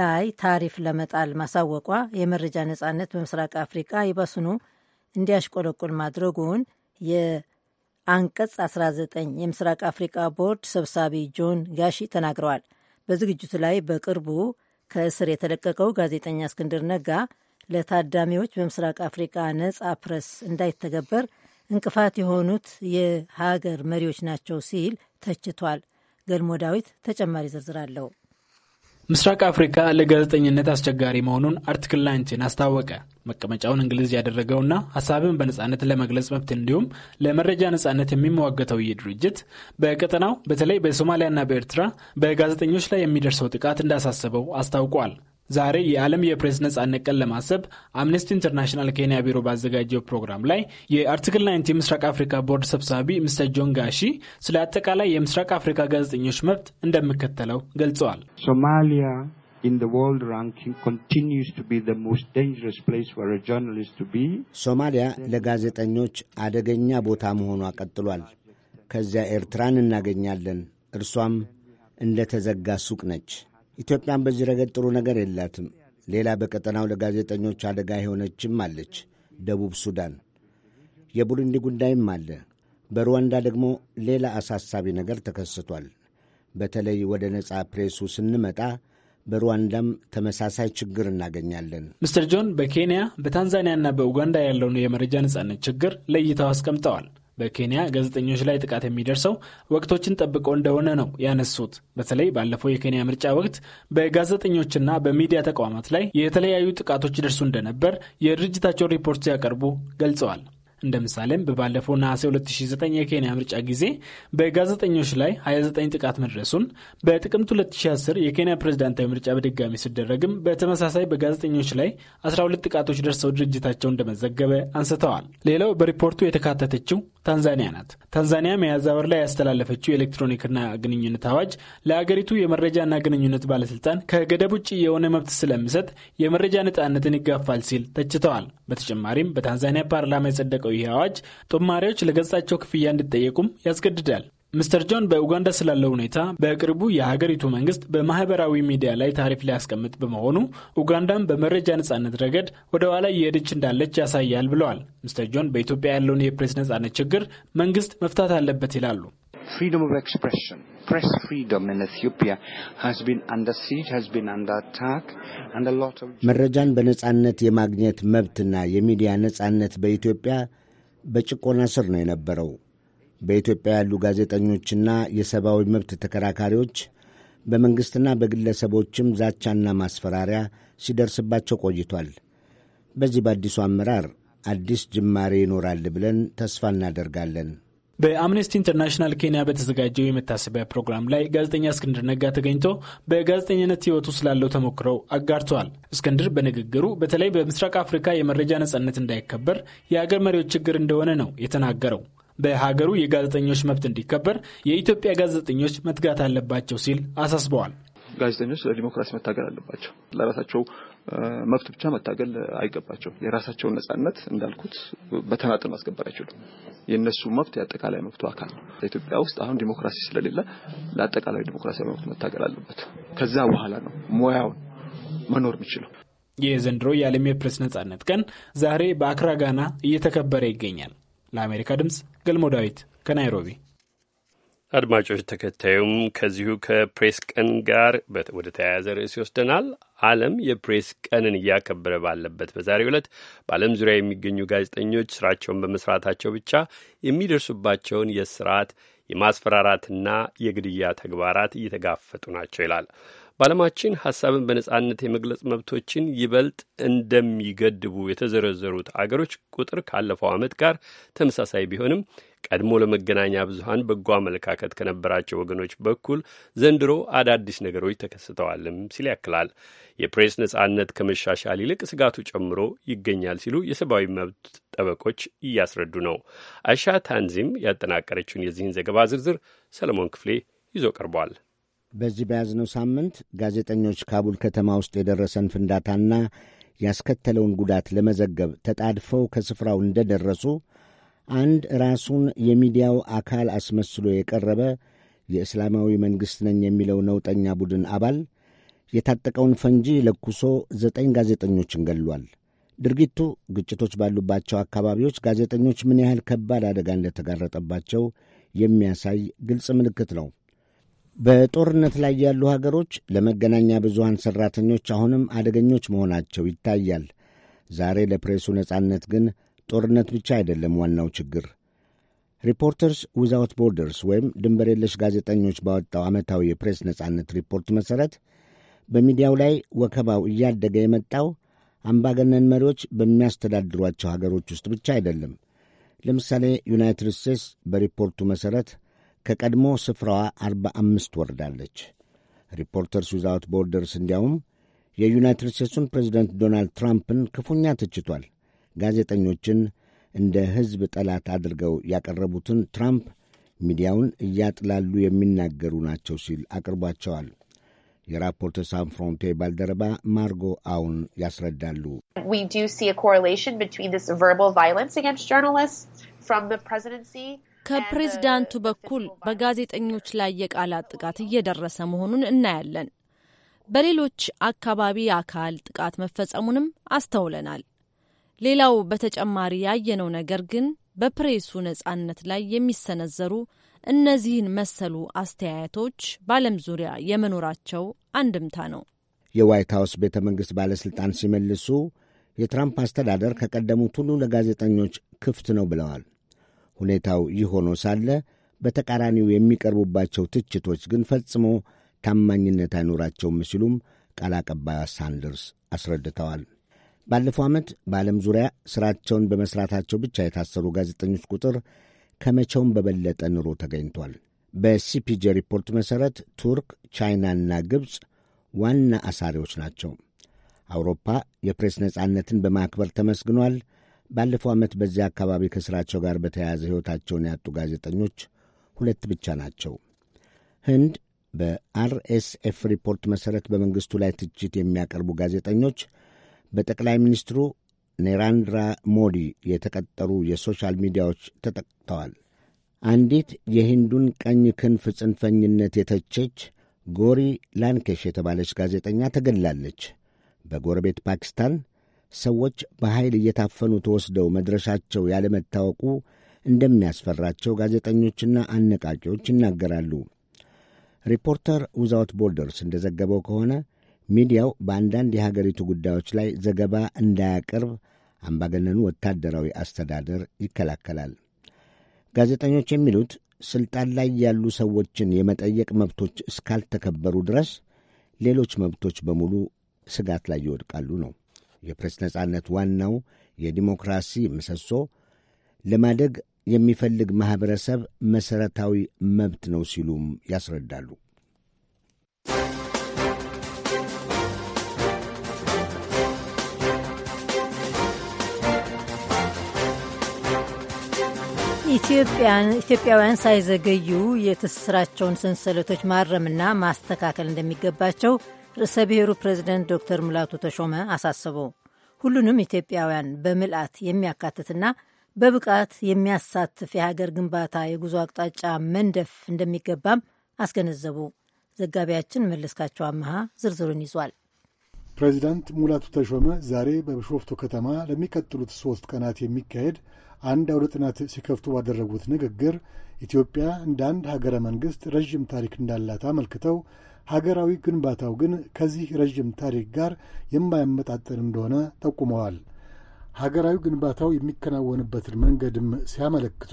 ላይ ታሪፍ ለመጣል ማሳወቋ የመረጃ ነጻነት በምስራቅ አፍሪቃ ይባስኑ እንዲያሽቆለቁል ማድረጉን የአንቀጽ 19 የምስራቅ አፍሪቃ ቦርድ ሰብሳቢ ጆን ጋሺ ተናግረዋል። በዝግጅቱ ላይ በቅርቡ ከእስር የተለቀቀው ጋዜጠኛ እስክንድር ነጋ ለታዳሚዎች በምስራቅ አፍሪቃ ነጻ ፕረስ እንዳይተገበር እንቅፋት የሆኑት የሀገር መሪዎች ናቸው ሲል ተችቷል። ገልሞ ዳዊት ተጨማሪ ዝርዝር አለው። ምስራቅ አፍሪካ ለጋዜጠኝነት አስቸጋሪ መሆኑን አርቲክል 19 አስታወቀ። መቀመጫውን እንግሊዝ ያደረገውና ሀሳብን በነጻነት ለመግለጽ መብት እንዲሁም ለመረጃ ነጻነት የሚሟገተው ይህ ድርጅት በቀጠናው በተለይ በሶማሊያና በኤርትራ በጋዜጠኞች ላይ የሚደርሰው ጥቃት እንዳሳሰበው አስታውቋል። ዛሬ የዓለም የፕሬስ ነጻነት ቀን ለማሰብ አምነስቲ ኢንተርናሽናል ኬንያ ቢሮ ባዘጋጀው ፕሮግራም ላይ የአርቲክል 9 የምስራቅ አፍሪካ ቦርድ ሰብሳቢ ምስተር ጆን ጋሺ ስለ አጠቃላይ የምስራቅ አፍሪካ ጋዜጠኞች መብት እንደሚከተለው ገልጸዋል። ሶማሊያ ሶማሊያ ለጋዜጠኞች አደገኛ ቦታ መሆኗ ቀጥሏል። ከዚያ ኤርትራን እናገኛለን። እርሷም እንደ ተዘጋ ሱቅ ነች። ኢትዮጵያን በዚህ ረገድ ጥሩ ነገር የላትም። ሌላ በቀጠናው ለጋዜጠኞች አደጋ የሆነችም አለች፣ ደቡብ ሱዳን። የቡሩንዲ ጉዳይም አለ። በሩዋንዳ ደግሞ ሌላ አሳሳቢ ነገር ተከስቷል። በተለይ ወደ ነጻ ፕሬሱ ስንመጣ በሩዋንዳም ተመሳሳይ ችግር እናገኛለን። ሚስተር ጆን በኬንያ በታንዛኒያና በኡጋንዳ ያለውን የመረጃ ነጻነት ችግር ለይተው አስቀምጠዋል። በኬንያ ጋዜጠኞች ላይ ጥቃት የሚደርሰው ወቅቶችን ጠብቆ እንደሆነ ነው ያነሱት። በተለይ ባለፈው የኬንያ ምርጫ ወቅት በጋዜጠኞችና በሚዲያ ተቋማት ላይ የተለያዩ ጥቃቶች ደርሱ እንደነበር የድርጅታቸው ሪፖርት ሲያቀርቡ ገልጸዋል። እንደ ምሳሌም በባለፈው ነሐሴ 2009 የኬንያ ምርጫ ጊዜ በጋዜጠኞች ላይ 29 ጥቃት መድረሱን፣ በጥቅምት 2010 የኬንያ ፕሬዝዳንታዊ ምርጫ በድጋሚ ሲደረግም በተመሳሳይ በጋዜጠኞች ላይ 12 ጥቃቶች ደርሰው ድርጅታቸው እንደመዘገበ አንስተዋል። ሌላው በሪፖርቱ የተካተተችው ታንዛኒያ ናት። ታንዛኒያ ሚያዝያ ወር ላይ ያስተላለፈችው የኤሌክትሮኒክና ግንኙነት አዋጅ ለአገሪቱ የመረጃና ግንኙነት ባለስልጣን ከገደብ ውጭ የሆነ መብት ስለሚሰጥ የመረጃ ነጻነትን ይጋፋል ሲል ተችተዋል። በተጨማሪም በታንዛኒያ ፓርላማ የጸደቀው ይህ አዋጅ ጦማሪዎች ለገጻቸው ክፍያ እንዲጠየቁም ያስገድዳል። ሚስተር ጆን በኡጋንዳ ስላለው ሁኔታ በቅርቡ የሀገሪቱ መንግስት በማህበራዊ ሚዲያ ላይ ታሪፍ ሊያስቀምጥ በመሆኑ ኡጋንዳም በመረጃ ነጻነት ረገድ ወደ ኋላ እየሄደች እንዳለች ያሳያል ብለዋል። ሚስተር ጆን በኢትዮጵያ ያለውን የፕሬስ ነጻነት ችግር መንግስት መፍታት አለበት ይላሉ። freedom of expression, press freedom in Ethiopia has been under siege, has been under attack, and a lot of መረጃን በነጻነት የማግኘት መብትና የሚዲያ ነጻነት በኢትዮጵያ በጭቆና ስር ነው የነበረው። በኢትዮጵያ ያሉ ጋዜጠኞችና የሰብአዊ መብት ተከራካሪዎች በመንግሥትና በግለሰቦችም ዛቻና ማስፈራሪያ ሲደርስባቸው ቆይቷል። በዚህ በአዲሱ አመራር አዲስ ጅማሬ ይኖራል ብለን ተስፋ እናደርጋለን። በአምነስቲ ኢንተርናሽናል ኬንያ በተዘጋጀው የመታሰቢያ ፕሮግራም ላይ ጋዜጠኛ እስክንድር ነጋ ተገኝቶ በጋዜጠኝነት ሕይወቱ ስላለው ተሞክረው አጋርተዋል። እስክንድር በንግግሩ በተለይ በምስራቅ አፍሪካ የመረጃ ነጻነት እንዳይከበር የሀገር መሪዎች ችግር እንደሆነ ነው የተናገረው። በሀገሩ የጋዜጠኞች መብት እንዲከበር የኢትዮጵያ ጋዜጠኞች መትጋት አለባቸው ሲል አሳስበዋል። ጋዜጠኞች ለዲሞክራሲ መታገል አለባቸው። ለራሳቸው መብት ብቻ መታገል አይገባቸውም። የራሳቸውን ነጻነት እንዳልኩት በተናጠል ማስከበር አይችሉም። የነሱ መብት የአጠቃላይ መብቱ አካል ነው። ኢትዮጵያ ውስጥ አሁን ዲሞክራሲ ስለሌለ ለአጠቃላይ ዲሞክራሲያዊ መብት መታገል አለበት። ከዛ በኋላ ነው ሙያውን መኖር የሚችለው። የዘንድሮ የዓለም የፕሬስ ነጻነት ቀን ዛሬ በአክራ ጋና እየተከበረ ይገኛል። ለአሜሪካ ድምፅ ገልሞ ዳዊት ከናይሮቢ አድማጮች ተከታዩም ከዚሁ ከፕሬስ ቀን ጋር ወደ ተያያዘ ርዕስ ይወስደናል። ዓለም የፕሬስ ቀንን እያከበረ ባለበት በዛሬው ዕለት በዓለም ዙሪያ የሚገኙ ጋዜጠኞች ስራቸውን በመስራታቸው ብቻ የሚደርሱባቸውን የስርዓት የማስፈራራትና የግድያ ተግባራት እየተጋፈጡ ናቸው ይላል። በዓለማችን ሀሳብን በነጻነት የመግለጽ መብቶችን ይበልጥ እንደሚገድቡ የተዘረዘሩት አገሮች ቁጥር ካለፈው ዓመት ጋር ተመሳሳይ ቢሆንም ቀድሞ ለመገናኛ ብዙሀን በጎ አመለካከት ከነበራቸው ወገኖች በኩል ዘንድሮ አዳዲስ ነገሮች ተከስተዋልም ሲል ያክላል። የፕሬስ ነጻነት ከመሻሻል ይልቅ ስጋቱ ጨምሮ ይገኛል ሲሉ የሰብአዊ መብት ጠበቆች እያስረዱ ነው። አሻ ታንዚም ያጠናቀረችውን የዚህን ዘገባ ዝርዝር ሰለሞን ክፍሌ ይዞ ቀርቧል። በዚህ በያዝነው ሳምንት ጋዜጠኞች ካቡል ከተማ ውስጥ የደረሰን ፍንዳታና ያስከተለውን ጉዳት ለመዘገብ ተጣድፈው ከስፍራው እንደደረሱ አንድ ራሱን የሚዲያው አካል አስመስሎ የቀረበ የእስላማዊ መንግሥት ነኝ የሚለው ነውጠኛ ቡድን አባል የታጠቀውን ፈንጂ ለኩሶ ዘጠኝ ጋዜጠኞችን ገሏል። ድርጊቱ ግጭቶች ባሉባቸው አካባቢዎች ጋዜጠኞች ምን ያህል ከባድ አደጋ እንደተጋረጠባቸው የሚያሳይ ግልጽ ምልክት ነው። በጦርነት ላይ ያሉ ሀገሮች ለመገናኛ ብዙሃን ሠራተኞች አሁንም አደገኞች መሆናቸው ይታያል። ዛሬ ለፕሬሱ ነጻነት ግን ጦርነት ብቻ አይደለም ዋናው ችግር። ሪፖርተርስ ዊዛውት ቦርደርስ ወይም ድንበር የለሽ ጋዜጠኞች ባወጣው ዓመታዊ የፕሬስ ነጻነት ሪፖርት መሠረት በሚዲያው ላይ ወከባው እያደገ የመጣው አምባገነን መሪዎች በሚያስተዳድሯቸው ሀገሮች ውስጥ ብቻ አይደለም። ለምሳሌ ዩናይትድ ስቴትስ በሪፖርቱ መሠረት ከቀድሞ ስፍራዋ አርባ አምስት ወርዳለች። ሪፖርተርስ ዊዛውት ቦርደርስ እንዲያውም የዩናይትድ ስቴትሱን ፕሬዚደንት ዶናልድ ትራምፕን ክፉኛ ተችቷል። ጋዜጠኞችን እንደ ሕዝብ ጠላት አድርገው ያቀረቡትን ትራምፕ ሚዲያውን እያጥላሉ የሚናገሩ ናቸው ሲል አቅርቧቸዋል። የራፖርት ሳን ፍሮንቴ ባልደረባ ማርጎ አውን ያስረዳሉ። ከፕሬዚዳንቱ በኩል በጋዜጠኞች ላይ የቃላት ጥቃት እየደረሰ መሆኑን እናያለን። በሌሎች አካባቢ አካል ጥቃት መፈጸሙንም አስተውለናል። ሌላው በተጨማሪ ያየነው ነገር ግን በፕሬሱ ነጻነት ላይ የሚሰነዘሩ እነዚህን መሰሉ አስተያየቶች በዓለም ዙሪያ የመኖራቸው አንድምታ ነው። የዋይት ሀውስ ቤተ መንግሥት ባለሥልጣን ሲመልሱ የትራምፕ አስተዳደር ከቀደሙት ሁሉ ለጋዜጠኞች ክፍት ነው ብለዋል። ሁኔታው ይህ ሆኖ ሳለ በተቃራኒው የሚቀርቡባቸው ትችቶች ግን ፈጽሞ ታማኝነት አይኖራቸውም ሲሉም ቃል አቀባዩ ሳንደርስ አስረድተዋል። ባለፈው ዓመት በዓለም ዙሪያ ሥራቸውን በመሥራታቸው ብቻ የታሰሩ ጋዜጠኞች ቁጥር ከመቼውም በበለጠ ኑሮ ተገኝቷል። በሲፒጄ ሪፖርት መሠረት ቱርክ፣ ቻይናና ግብፅ ዋና አሳሪዎች ናቸው። አውሮፓ የፕሬስ ነጻነትን በማክበር ተመስግኗል። ባለፈው ዓመት በዚያ አካባቢ ከሥራቸው ጋር በተያያዘ ሕይወታቸውን ያጡ ጋዜጠኞች ሁለት ብቻ ናቸው። ህንድ በአርኤስኤፍ ሪፖርት መሠረት በመንግሥቱ ላይ ትችት የሚያቀርቡ ጋዜጠኞች በጠቅላይ ሚኒስትሩ ኔራንድራ ሞዲ የተቀጠሩ የሶሻል ሚዲያዎች ተጠቅተዋል። አንዲት የሂንዱን ቀኝ ክንፍ ጽንፈኝነት የተቸች ጎሪ ላንኬሽ የተባለች ጋዜጠኛ ተገላለች። በጎረቤት ፓኪስታን ሰዎች በኃይል እየታፈኑ ተወስደው መድረሻቸው ያለመታወቁ እንደሚያስፈራቸው ጋዜጠኞችና አነቃቂዎች ይናገራሉ። ሪፖርተር ውዛውት ቦርደርስ እንደዘገበው ከሆነ ሚዲያው በአንዳንድ የሀገሪቱ ጉዳዮች ላይ ዘገባ እንዳያቀርብ አምባገነኑ ወታደራዊ አስተዳደር ይከላከላል። ጋዜጠኞች የሚሉት ስልጣን ላይ ያሉ ሰዎችን የመጠየቅ መብቶች እስካልተከበሩ ድረስ ሌሎች መብቶች በሙሉ ስጋት ላይ ይወድቃሉ ነው። የፕሬስ ነጻነት ዋናው የዲሞክራሲ ምሰሶ ለማደግ የሚፈልግ ማኅበረሰብ መሠረታዊ መብት ነው ሲሉም ያስረዳሉ። ኢትዮጵያውያን ሳይዘገዩ የትስስራቸውን ሰንሰለቶች ማረምና ማስተካከል እንደሚገባቸው ርዕሰ ብሔሩ ፕሬዚደንት ዶክተር ሙላቱ ተሾመ አሳሰቡ። ሁሉንም ኢትዮጵያውያን በምልአት የሚያካትትና በብቃት የሚያሳትፍ የሀገር ግንባታ የጉዞ አቅጣጫ መንደፍ እንደሚገባም አስገነዘቡ። ዘጋቢያችን መለስካቸው አመሃ ዝርዝሩን ይዟል። ፕሬዚዳንት ሙላቱ ተሾመ ዛሬ በቢሾፍቱ ከተማ ለሚቀጥሉት ሶስት ቀናት የሚካሄድ አንድ አውደ ጥናት ሲከፍቱ ባደረጉት ንግግር ኢትዮጵያ እንደ አንድ ሀገረ መንግሥት ረዥም ታሪክ እንዳላት አመልክተው ሀገራዊ ግንባታው ግን ከዚህ ረዥም ታሪክ ጋር የማያመጣጠን እንደሆነ ጠቁመዋል። ሀገራዊ ግንባታው የሚከናወንበትን መንገድም ሲያመለክቱ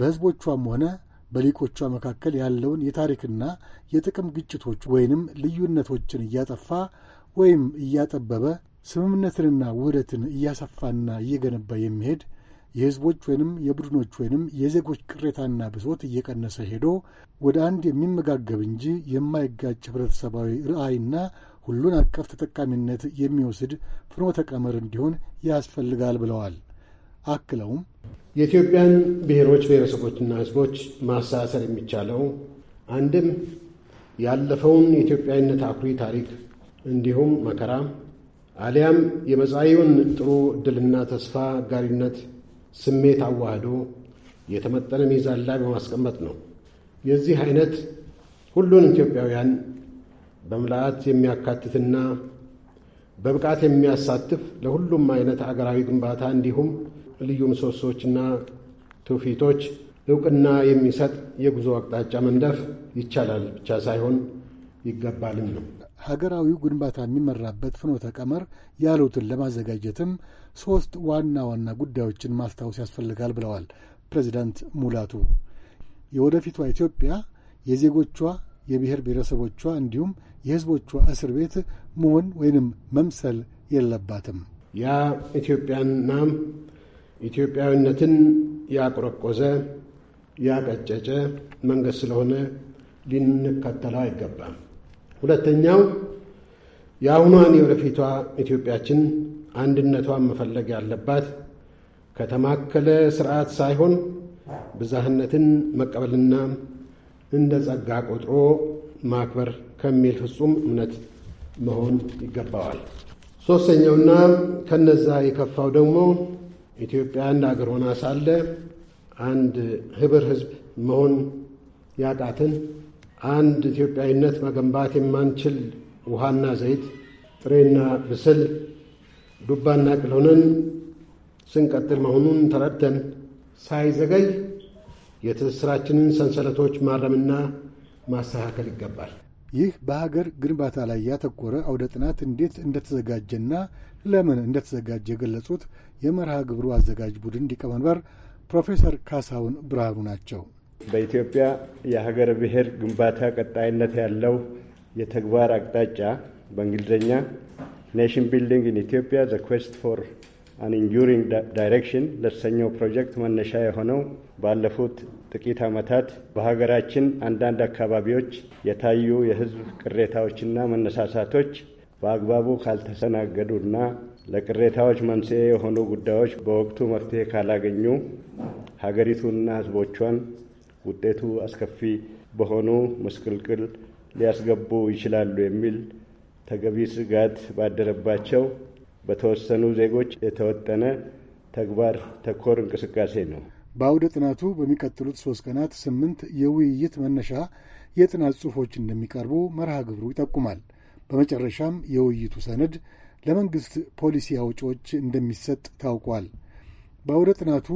በሕዝቦቿም ሆነ በሊቆቿ መካከል ያለውን የታሪክና የጥቅም ግጭቶች ወይንም ልዩነቶችን እያጠፋ ወይም እያጠበበ ስምምነትንና ውህደትን እያሰፋና እየገነባ የሚሄድ የህዝቦች ወይንም የቡድኖች ወይንም የዜጎች ቅሬታና ብሶት እየቀነሰ ሄዶ ወደ አንድ የሚመጋገብ እንጂ የማይጋጭ ህብረተሰባዊ ርአይና ሁሉን አቀፍ ተጠቃሚነት የሚወስድ ፍኖተ ቀመር እንዲሆን ያስፈልጋል ብለዋል። አክለውም የኢትዮጵያን ብሔሮች ብሔረሰቦችና ህዝቦች ማሳሰር የሚቻለው አንድም ያለፈውን የኢትዮጵያዊነት አኩሪ ታሪክ እንዲሁም መከራ አሊያም የመጻኢውን ጥሩ ዕድልና ተስፋ ጋሪነት ስሜት አዋህዶ የተመጠነ ሚዛን ላይ በማስቀመጥ ነው። የዚህ አይነት ሁሉን ኢትዮጵያውያን በምልአት የሚያካትትና በብቃት የሚያሳትፍ ለሁሉም አይነት አገራዊ ግንባታ እንዲሁም ልዩ ምሰሶዎችና ትውፊቶች እውቅና የሚሰጥ የጉዞ አቅጣጫ መንደፍ ይቻላል ብቻ ሳይሆን ይገባልም ነው። ሀገራዊው ግንባታ የሚመራበት ፍኖተ ቀመር ያሉትን ለማዘጋጀትም ሦስት ዋና ዋና ጉዳዮችን ማስታወስ ያስፈልጋል ብለዋል ፕሬዚዳንት ሙላቱ። የወደፊቷ ኢትዮጵያ የዜጎቿ የብሔር ብሔረሰቦቿ እንዲሁም የሕዝቦቿ እስር ቤት መሆን ወይንም መምሰል የለባትም። ያ ኢትዮጵያንና ኢትዮጵያዊነትን ያቆረቆዘ ያቀጨጨ መንገድ ስለሆነ ልንከተለው አይገባም። ሁለተኛው የአሁኗን የወደፊቷ ኢትዮጵያችን አንድነቷን መፈለግ ያለባት ከተማከለ ስርዓት ሳይሆን ብዛህነትን መቀበልና እንደ ጸጋ ቆጥሮ ማክበር ከሚል ፍጹም እምነት መሆን ይገባዋል። ሦስተኛውና ከነዛ የከፋው ደግሞ ኢትዮጵያ እንደ አገር ሆና ሳለ አንድ ህብር ህዝብ መሆን ያቃትን አንድ ኢትዮጵያዊነት መገንባት የማንችል ውሃና ዘይት፣ ጥሬና ብስል፣ ዱባና ቅሎንን ስንቀጥል መሆኑን ተረድተን ሳይዘገይ የትስስራችንን ሰንሰለቶች ማረምና ማስተካከል ይገባል። ይህ በሀገር ግንባታ ላይ ያተኮረ አውደ ጥናት እንዴት እንደተዘጋጀና ለምን እንደተዘጋጀ የገለጹት የመርሃ ግብሩ አዘጋጅ ቡድን ሊቀመንበር ፕሮፌሰር ካሳሁን ብርሃኑ ናቸው። በኢትዮጵያ የሀገር ብሔር ግንባታ ቀጣይነት ያለው የተግባር አቅጣጫ በእንግሊዝኛ ኔሽን ቢልዲንግ ኢን ኢትዮጵያ ዘ ኩዌስት ፎር አን ኢንዱሪንግ ዳይሬክሽን ለተሰኘው ፕሮጀክት መነሻ የሆነው ባለፉት ጥቂት ዓመታት በሀገራችን አንዳንድ አካባቢዎች የታዩ የሕዝብ ቅሬታዎችና መነሳሳቶች በአግባቡ ካልተሰናገዱና ለቅሬታዎች መንስኤ የሆኑ ጉዳዮች በወቅቱ መፍትሄ ካላገኙ ሀገሪቱንና ሕዝቦቿን ውጤቱ አስከፊ በሆኑ ምስቅልቅል ሊያስገቡ ይችላሉ የሚል ተገቢ ስጋት ባደረባቸው በተወሰኑ ዜጎች የተወጠነ ተግባር ተኮር እንቅስቃሴ ነው። በአውደ ጥናቱ በሚቀጥሉት ሶስት ቀናት ስምንት የውይይት መነሻ የጥናት ጽሑፎች እንደሚቀርቡ መርሃ ግብሩ ይጠቁማል። በመጨረሻም የውይይቱ ሰነድ ለመንግሥት ፖሊሲ አውጪዎች እንደሚሰጥ ታውቋል። በአውደ ጥናቱ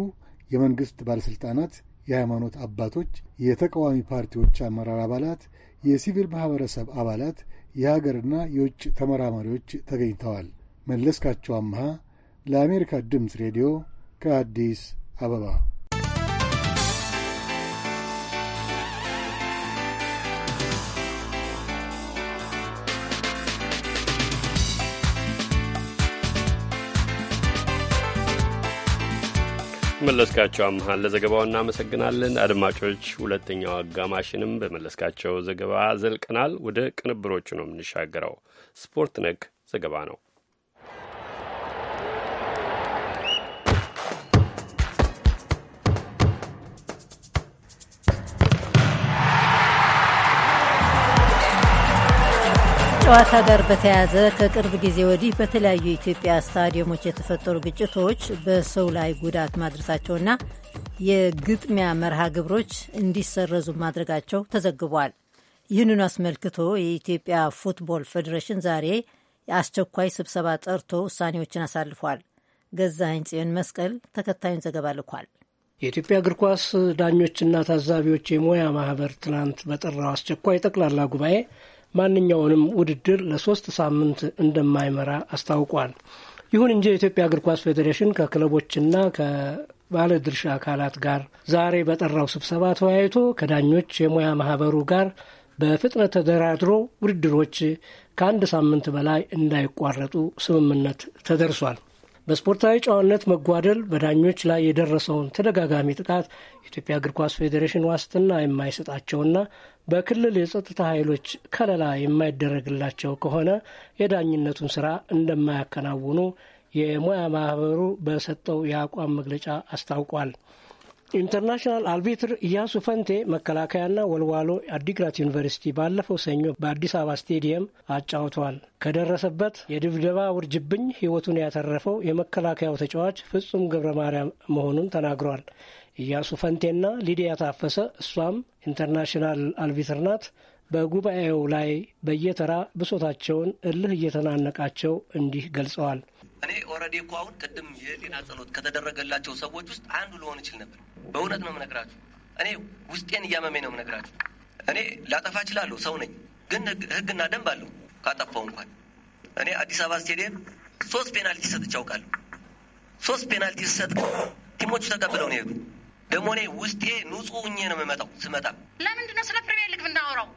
የመንግሥት ባለሥልጣናት የሃይማኖት አባቶች፣ የተቃዋሚ ፓርቲዎች አመራር አባላት፣ የሲቪል ማኅበረሰብ አባላት፣ የሀገርና የውጭ ተመራማሪዎች ተገኝተዋል። መለስካቸው አምሃ ለአሜሪካ ድምፅ ሬዲዮ ከአዲስ አበባ መለስካቸው አምሃን ለዘገባው እናመሰግናለን። አድማጮች ሁለተኛው አጋማሽንም በመለስካቸው ዘገባ ዘልቀናል። ወደ ቅንብሮቹ ነው የምንሻገረው። ስፖርት ነክ ዘገባ ነው። ጨዋታ ጋር በተያያዘ ከቅርብ ጊዜ ወዲህ በተለያዩ የኢትዮጵያ ስታዲየሞች የተፈጠሩ ግጭቶች በሰው ላይ ጉዳት ማድረሳቸውና የግጥሚያ መርሃ ግብሮች እንዲሰረዙ ማድረጋቸው ተዘግቧል። ይህንኑ አስመልክቶ የኢትዮጵያ ፉትቦል ፌዴሬሽን ዛሬ የአስቸኳይ ስብሰባ ጠርቶ ውሳኔዎችን አሳልፏል። ገዛኸኝ ጽዮን መስቀል ተከታዩን ዘገባ ልኳል። የኢትዮጵያ እግር ኳስ ዳኞችና ታዛቢዎች የሙያ ማህበር ትናንት በጠራው አስቸኳይ ጠቅላላ ጉባኤ ማንኛውንም ውድድር ለሶስት ሳምንት እንደማይመራ አስታውቋል። ይሁን እንጂ የኢትዮጵያ እግር ኳስ ፌዴሬሽን ከክለቦችና ከባለ ድርሻ አካላት ጋር ዛሬ በጠራው ስብሰባ ተወያይቶ ከዳኞች የሙያ ማህበሩ ጋር በፍጥነት ተደራድሮ ውድድሮች ከአንድ ሳምንት በላይ እንዳይቋረጡ ስምምነት ተደርሷል። በስፖርታዊ ጨዋነት መጓደል በዳኞች ላይ የደረሰውን ተደጋጋሚ ጥቃት የኢትዮጵያ እግር ኳስ ፌዴሬሽን ዋስትና የማይሰጣቸውና በክልል የጸጥታ ኃይሎች ከለላ የማይደረግላቸው ከሆነ የዳኝነቱን ስራ እንደማያከናውኑ የሙያ ማህበሩ በሰጠው የአቋም መግለጫ አስታውቋል። ኢንተርናሽናል አልቢትር እያሱ ፈንቴ መከላከያና ወልዋሎ አዲግራት ዩኒቨርሲቲ ባለፈው ሰኞ በአዲስ አበባ ስቴዲየም አጫውተዋል። ከደረሰበት የድብደባ ውርጅብኝ ሕይወቱን ያተረፈው የመከላከያው ተጫዋች ፍጹም ገብረ ማርያም መሆኑን ተናግሯል። እያሱ ፈንቴና ሊዲያ ታፈሰ እሷም ኢንተርናሽናል አልቢትር ናት። በጉባኤው ላይ በየተራ ብሶታቸውን እልህ እየተናነቃቸው እንዲህ ገልጸዋል። እኔ ኦልሬዲ እኮ አሁን ቅድም የጤና ጸሎት ከተደረገላቸው ሰዎች ውስጥ አንዱ ልሆን እችል ነበር። በእውነት ነው ምነግራችሁ። እኔ ውስጤን እያመመኝ ነው ምነግራችሁ። እኔ ላጠፋ እችላለሁ፣ ሰው ነኝ። ግን ህግና ደንብ አለው። ካጠፋው እንኳን እኔ አዲስ አበባ ስቴዲየም ሶስት ፔናልቲ ሰጥቼ አውቃለሁ። ሶስት ፔናልቲ ሰጥ ቲሞቹ ተቀብለው ነው የሄዱ። ደግሞ እኔ ውስጤ ንጹሕ ኜ ነው የምመጣው። ስመጣ ለምንድነው ስለ ፕሪሚየር ሊግ ብናወራው?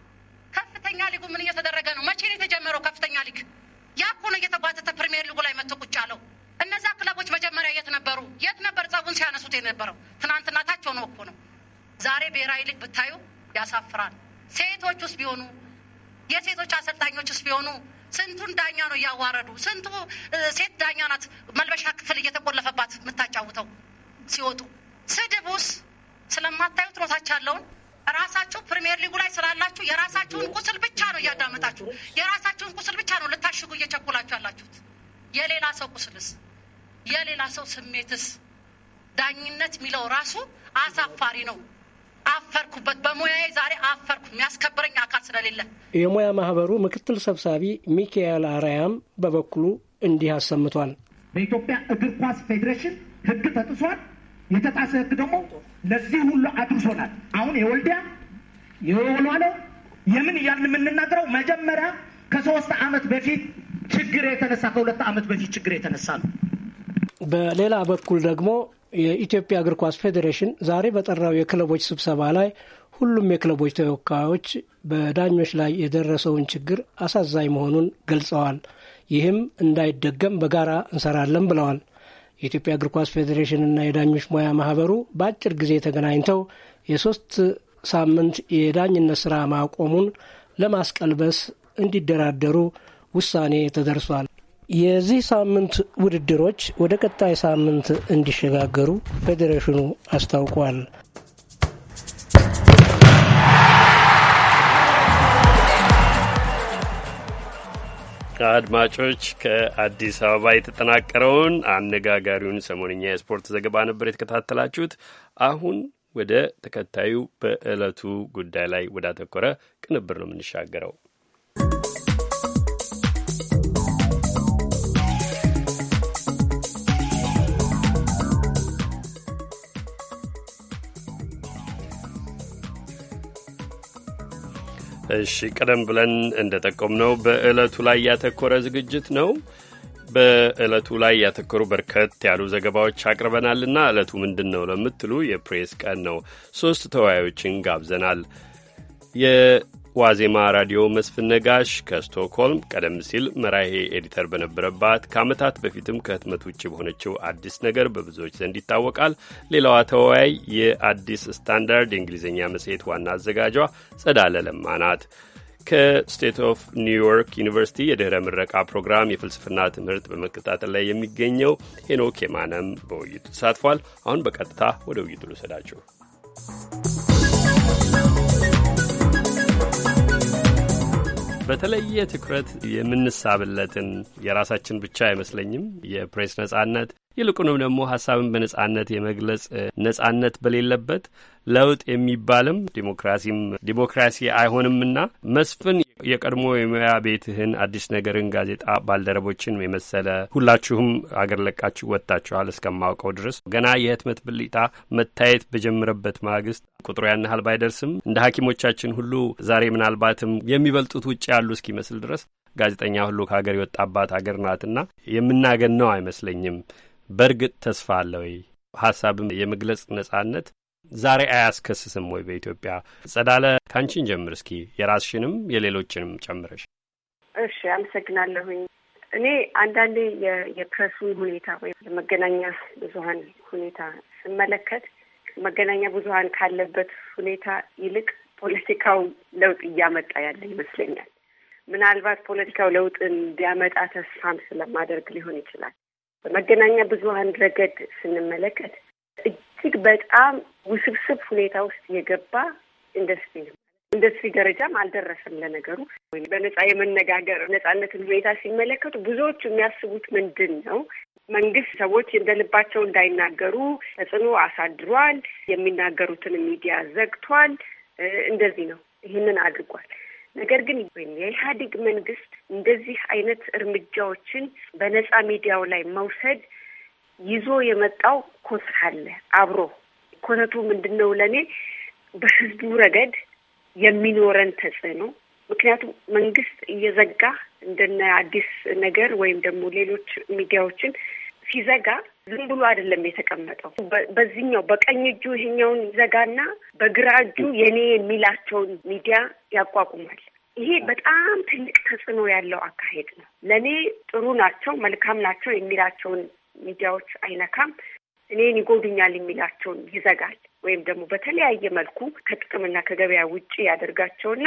ከፍተኛ ሊጉ ምን እየተደረገ ነው? መቼ ነው የተጀመረው ከፍተኛ ሊግ? ያ እኮ ነው እየተጓተተ ፕሪሚየር ሊጉ ላይ መጥቶ ቁጭ አለው። እነዛ ክለቦች መጀመሪያ የት ነበሩ? የት ነበር ጸቡን ሲያነሱት የነበረው? ትናንትና ታች ሆኖ እኮ ነው። ዛሬ ብሔራዊ ሊግ ብታዩ ያሳፍራል። ሴቶች ውስጥ ቢሆኑ የሴቶች አሰልጣኞች ውስጥ ቢሆኑ ስንቱን ዳኛ ነው እያዋረዱ፣ ስንቱ ሴት ዳኛ ናት መልበሻ ክፍል እየተቆለፈባት የምታጫውተው ሲወጡ ስድብ ውስጥ ስለማታዩት ሮታች ያለውን ራሳችሁ ፕሪሚየር ሊጉ ላይ ስላላችሁ የራሳችሁን ቁስል ብቻ ነው እያዳመጣችሁ፣ የራሳችሁን ቁስል ብቻ ነው ልታሽጉ እየቸኩላችሁ ያላችሁት። የሌላ ሰው ቁስልስ፣ የሌላ ሰው ስሜትስ፣ ዳኝነት የሚለው ራሱ አሳፋሪ ነው። አፈርኩበት። በሙያዬ ዛሬ አፈርኩ። የሚያስከብረኝ አካል ስለሌለ። የሙያ ማህበሩ ምክትል ሰብሳቢ ሚካኤል አራያም በበኩሉ እንዲህ አሰምቷል። በኢትዮጵያ እግር ኳስ ፌዴሬሽን ህግ ተጥሷል የተጣሰ ህግ ደግሞ ለዚህ ሁሉ አድርሶናል። አሁን የወልዲያ የወሏለ የምን እያልን የምንናገረው መጀመሪያ ከሶስት አመት በፊት ችግር የተነሳ ከሁለት ዓመት በፊት ችግር የተነሳ ነው። በሌላ በኩል ደግሞ የኢትዮጵያ እግር ኳስ ፌዴሬሽን ዛሬ በጠራው የክለቦች ስብሰባ ላይ ሁሉም የክለቦች ተወካዮች በዳኞች ላይ የደረሰውን ችግር አሳዛኝ መሆኑን ገልጸዋል። ይህም እንዳይደገም በጋራ እንሰራለን ብለዋል። የኢትዮጵያ እግር ኳስ ፌዴሬሽንና የዳኞች ሙያ ማህበሩ በአጭር ጊዜ ተገናኝተው የሶስት ሳምንት የዳኝነት ስራ ማቆሙን ለማስቀልበስ እንዲደራደሩ ውሳኔ ተደርሷል። የዚህ ሳምንት ውድድሮች ወደ ቀጣይ ሳምንት እንዲሸጋገሩ ፌዴሬሽኑ አስታውቋል። አድማጮች ከአዲስ አበባ የተጠናቀረውን አነጋጋሪውን ሰሞንኛ የስፖርት ዘገባ ነበር የተከታተላችሁት። አሁን ወደ ተከታዩ በዕለቱ ጉዳይ ላይ ወዳተኮረ ቅንብር ነው የምንሻገረው። እሺ ቀደም ብለን እንደጠቆም ነው በዕለቱ ላይ ያተኮረ ዝግጅት ነው። በዕለቱ ላይ ያተኮሩ በርከት ያሉ ዘገባዎች አቅርበናልና ዕለቱ ምንድን ነው ለምትሉ የፕሬስ ቀን ነው። ሶስት ተወያዮችን ጋብዘናል። ዋዜማ ራዲዮ መስፍን ነጋሽ ከስቶክሆልም ቀደም ሲል መራሄ ኤዲተር በነበረባት ከዓመታት በፊትም ከህትመት ውጭ በሆነችው አዲስ ነገር በብዙዎች ዘንድ ይታወቃል። ሌላዋ ተወያይ የአዲስ ስታንዳርድ የእንግሊዝኛ መጽሔት ዋና አዘጋጇ ጸዳለ ለማ ናት። ከስቴት ኦፍ ኒውዮርክ ዩኒቨርሲቲ የድኅረ ምረቃ ፕሮግራም የፍልስፍና ትምህርት በመከታተል ላይ የሚገኘው ሄኖክ የማነም በውይይቱ ተሳትፏል። አሁን በቀጥታ ወደ ውይይቱ ልውሰዳችሁ። በተለየ ትኩረት የምንሳብለትን የራሳችን ብቻ አይመስለኝም የፕሬስ ነጻነት ይልቁንም ደግሞ ሀሳብን በነጻነት የመግለጽ ነጻነት በሌለበት ለውጥ የሚባልም ዲሞክራሲም ዲሞክራሲ አይሆንምና መስፍን የቀድሞ የሙያ ቤትህን አዲስ ነገርን ጋዜጣ ባልደረቦችን የመሰለ ሁላችሁም አገር ለቃችሁ ወጥታችኋል። እስከማውቀው ድረስ ገና የህትመት ብልጣ መታየት በጀመረበት ማግስት ቁጥሩ ያን ያህል ባይደርስም እንደ ሐኪሞቻችን ሁሉ ዛሬ ምናልባትም የሚበልጡት ውጭ ያሉ እስኪመስል ድረስ ጋዜጠኛ ሁሉ ከሀገር የወጣባት ሀገር ናትና የምናገን ነው አይመስለኝም። በእርግጥ ተስፋ አለ ወይ? ሀሳብም የመግለጽ ነጻነት ዛሬ አያስከስስም ወይ በኢትዮጵያ? ጸዳለ ካንቺን ጀምር እስኪ የራስሽንም የሌሎችንም ጨምረሽ። እሺ፣ አመሰግናለሁኝ። እኔ አንዳንዴ የፕሬሱን ሁኔታ ወይም የመገናኛ ብዙሀን ሁኔታ ስመለከት መገናኛ ብዙሀን ካለበት ሁኔታ ይልቅ ፖለቲካው ለውጥ እያመጣ ያለ ይመስለኛል። ምናልባት ፖለቲካው ለውጥ እንዲያመጣ ተስፋም ስለማደርግ ሊሆን ይችላል። በመገናኛ ብዙኃን ረገድ ስንመለከት እጅግ በጣም ውስብስብ ሁኔታ ውስጥ የገባ ኢንዱስትሪ ነው። ኢንዱስትሪ ደረጃም አልደረሰም። ለነገሩ በነጻ የመነጋገር ነጻነትን ሁኔታ ሲመለከቱ ብዙዎቹ የሚያስቡት ምንድን ነው መንግስት ሰዎች እንደልባቸው እንዳይናገሩ ተጽዕኖ አሳድሯል፣ የሚናገሩትን ሚዲያ ዘግቷል፣ እንደዚህ ነው፣ ይህንን አድርጓል። ነገር ግን የኢህአዴግ መንግስት እንደዚህ አይነት እርምጃዎችን በነጻ ሚዲያው ላይ መውሰድ ይዞ የመጣው ኮስት አለ አብሮ። ኮተቱ ምንድን ነው? ለእኔ በህዝቡ ረገድ የሚኖረን ተጽዕኖ ምክንያቱም መንግስት እየዘጋ እንደነ አዲስ ነገር ወይም ደግሞ ሌሎች ሚዲያዎችን ሲዘጋ ዝም ብሎ አይደለም የተቀመጠው። በዚህኛው በቀኝ እጁ ይሄኛውን ይዘጋና በግራ እጁ የኔ የሚላቸውን ሚዲያ ያቋቁማል። ይሄ በጣም ትልቅ ተጽዕኖ ያለው አካሄድ ነው። ለእኔ ጥሩ ናቸው፣ መልካም ናቸው የሚላቸውን ሚዲያዎች አይነካም። እኔን ይጎዱኛል የሚላቸውን ይዘጋል። ወይም ደግሞ በተለያየ መልኩ ከጥቅምና ከገበያ ውጭ ያደርጋቸውና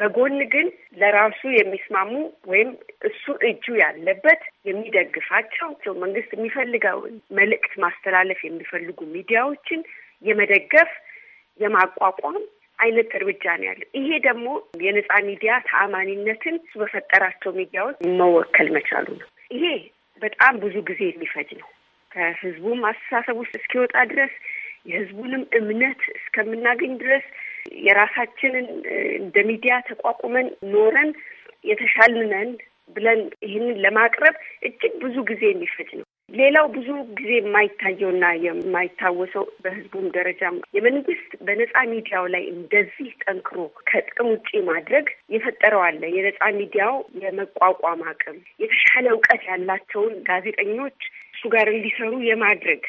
በጎን ግን ለራሱ የሚስማሙ ወይም እሱ እጁ ያለበት የሚደግፋቸው መንግስት የሚፈልገውን መልእክት ማስተላለፍ የሚፈልጉ ሚዲያዎችን የመደገፍ የማቋቋም አይነት እርምጃ ነው ያለው። ይሄ ደግሞ የነፃ ሚዲያ ተአማኒነትን በፈጠራቸው ሚዲያዎች መወከል መቻሉ ነው። ይሄ በጣም ብዙ ጊዜ የሚፈጅ ነው። ከህዝቡም አስተሳሰብ ውስጥ እስኪወጣ ድረስ የህዝቡንም እምነት እስከምናገኝ ድረስ የራሳችንን እንደ ሚዲያ ተቋቁመን ኖረን የተሻልነን ብለን ይህንን ለማቅረብ እጅግ ብዙ ጊዜ የሚፈጅ ነው። ሌላው ብዙ ጊዜ የማይታየውና የማይታወሰው በህዝቡም ደረጃም የመንግስት በነፃ ሚዲያው ላይ እንደዚህ ጠንክሮ ከጥቅም ውጪ ማድረግ የፈጠረው አለ። የነፃ ሚዲያው የመቋቋም አቅም የተሻለ እውቀት ያላቸውን ጋዜጠኞች እሱ ጋር እንዲሰሩ የማድረግ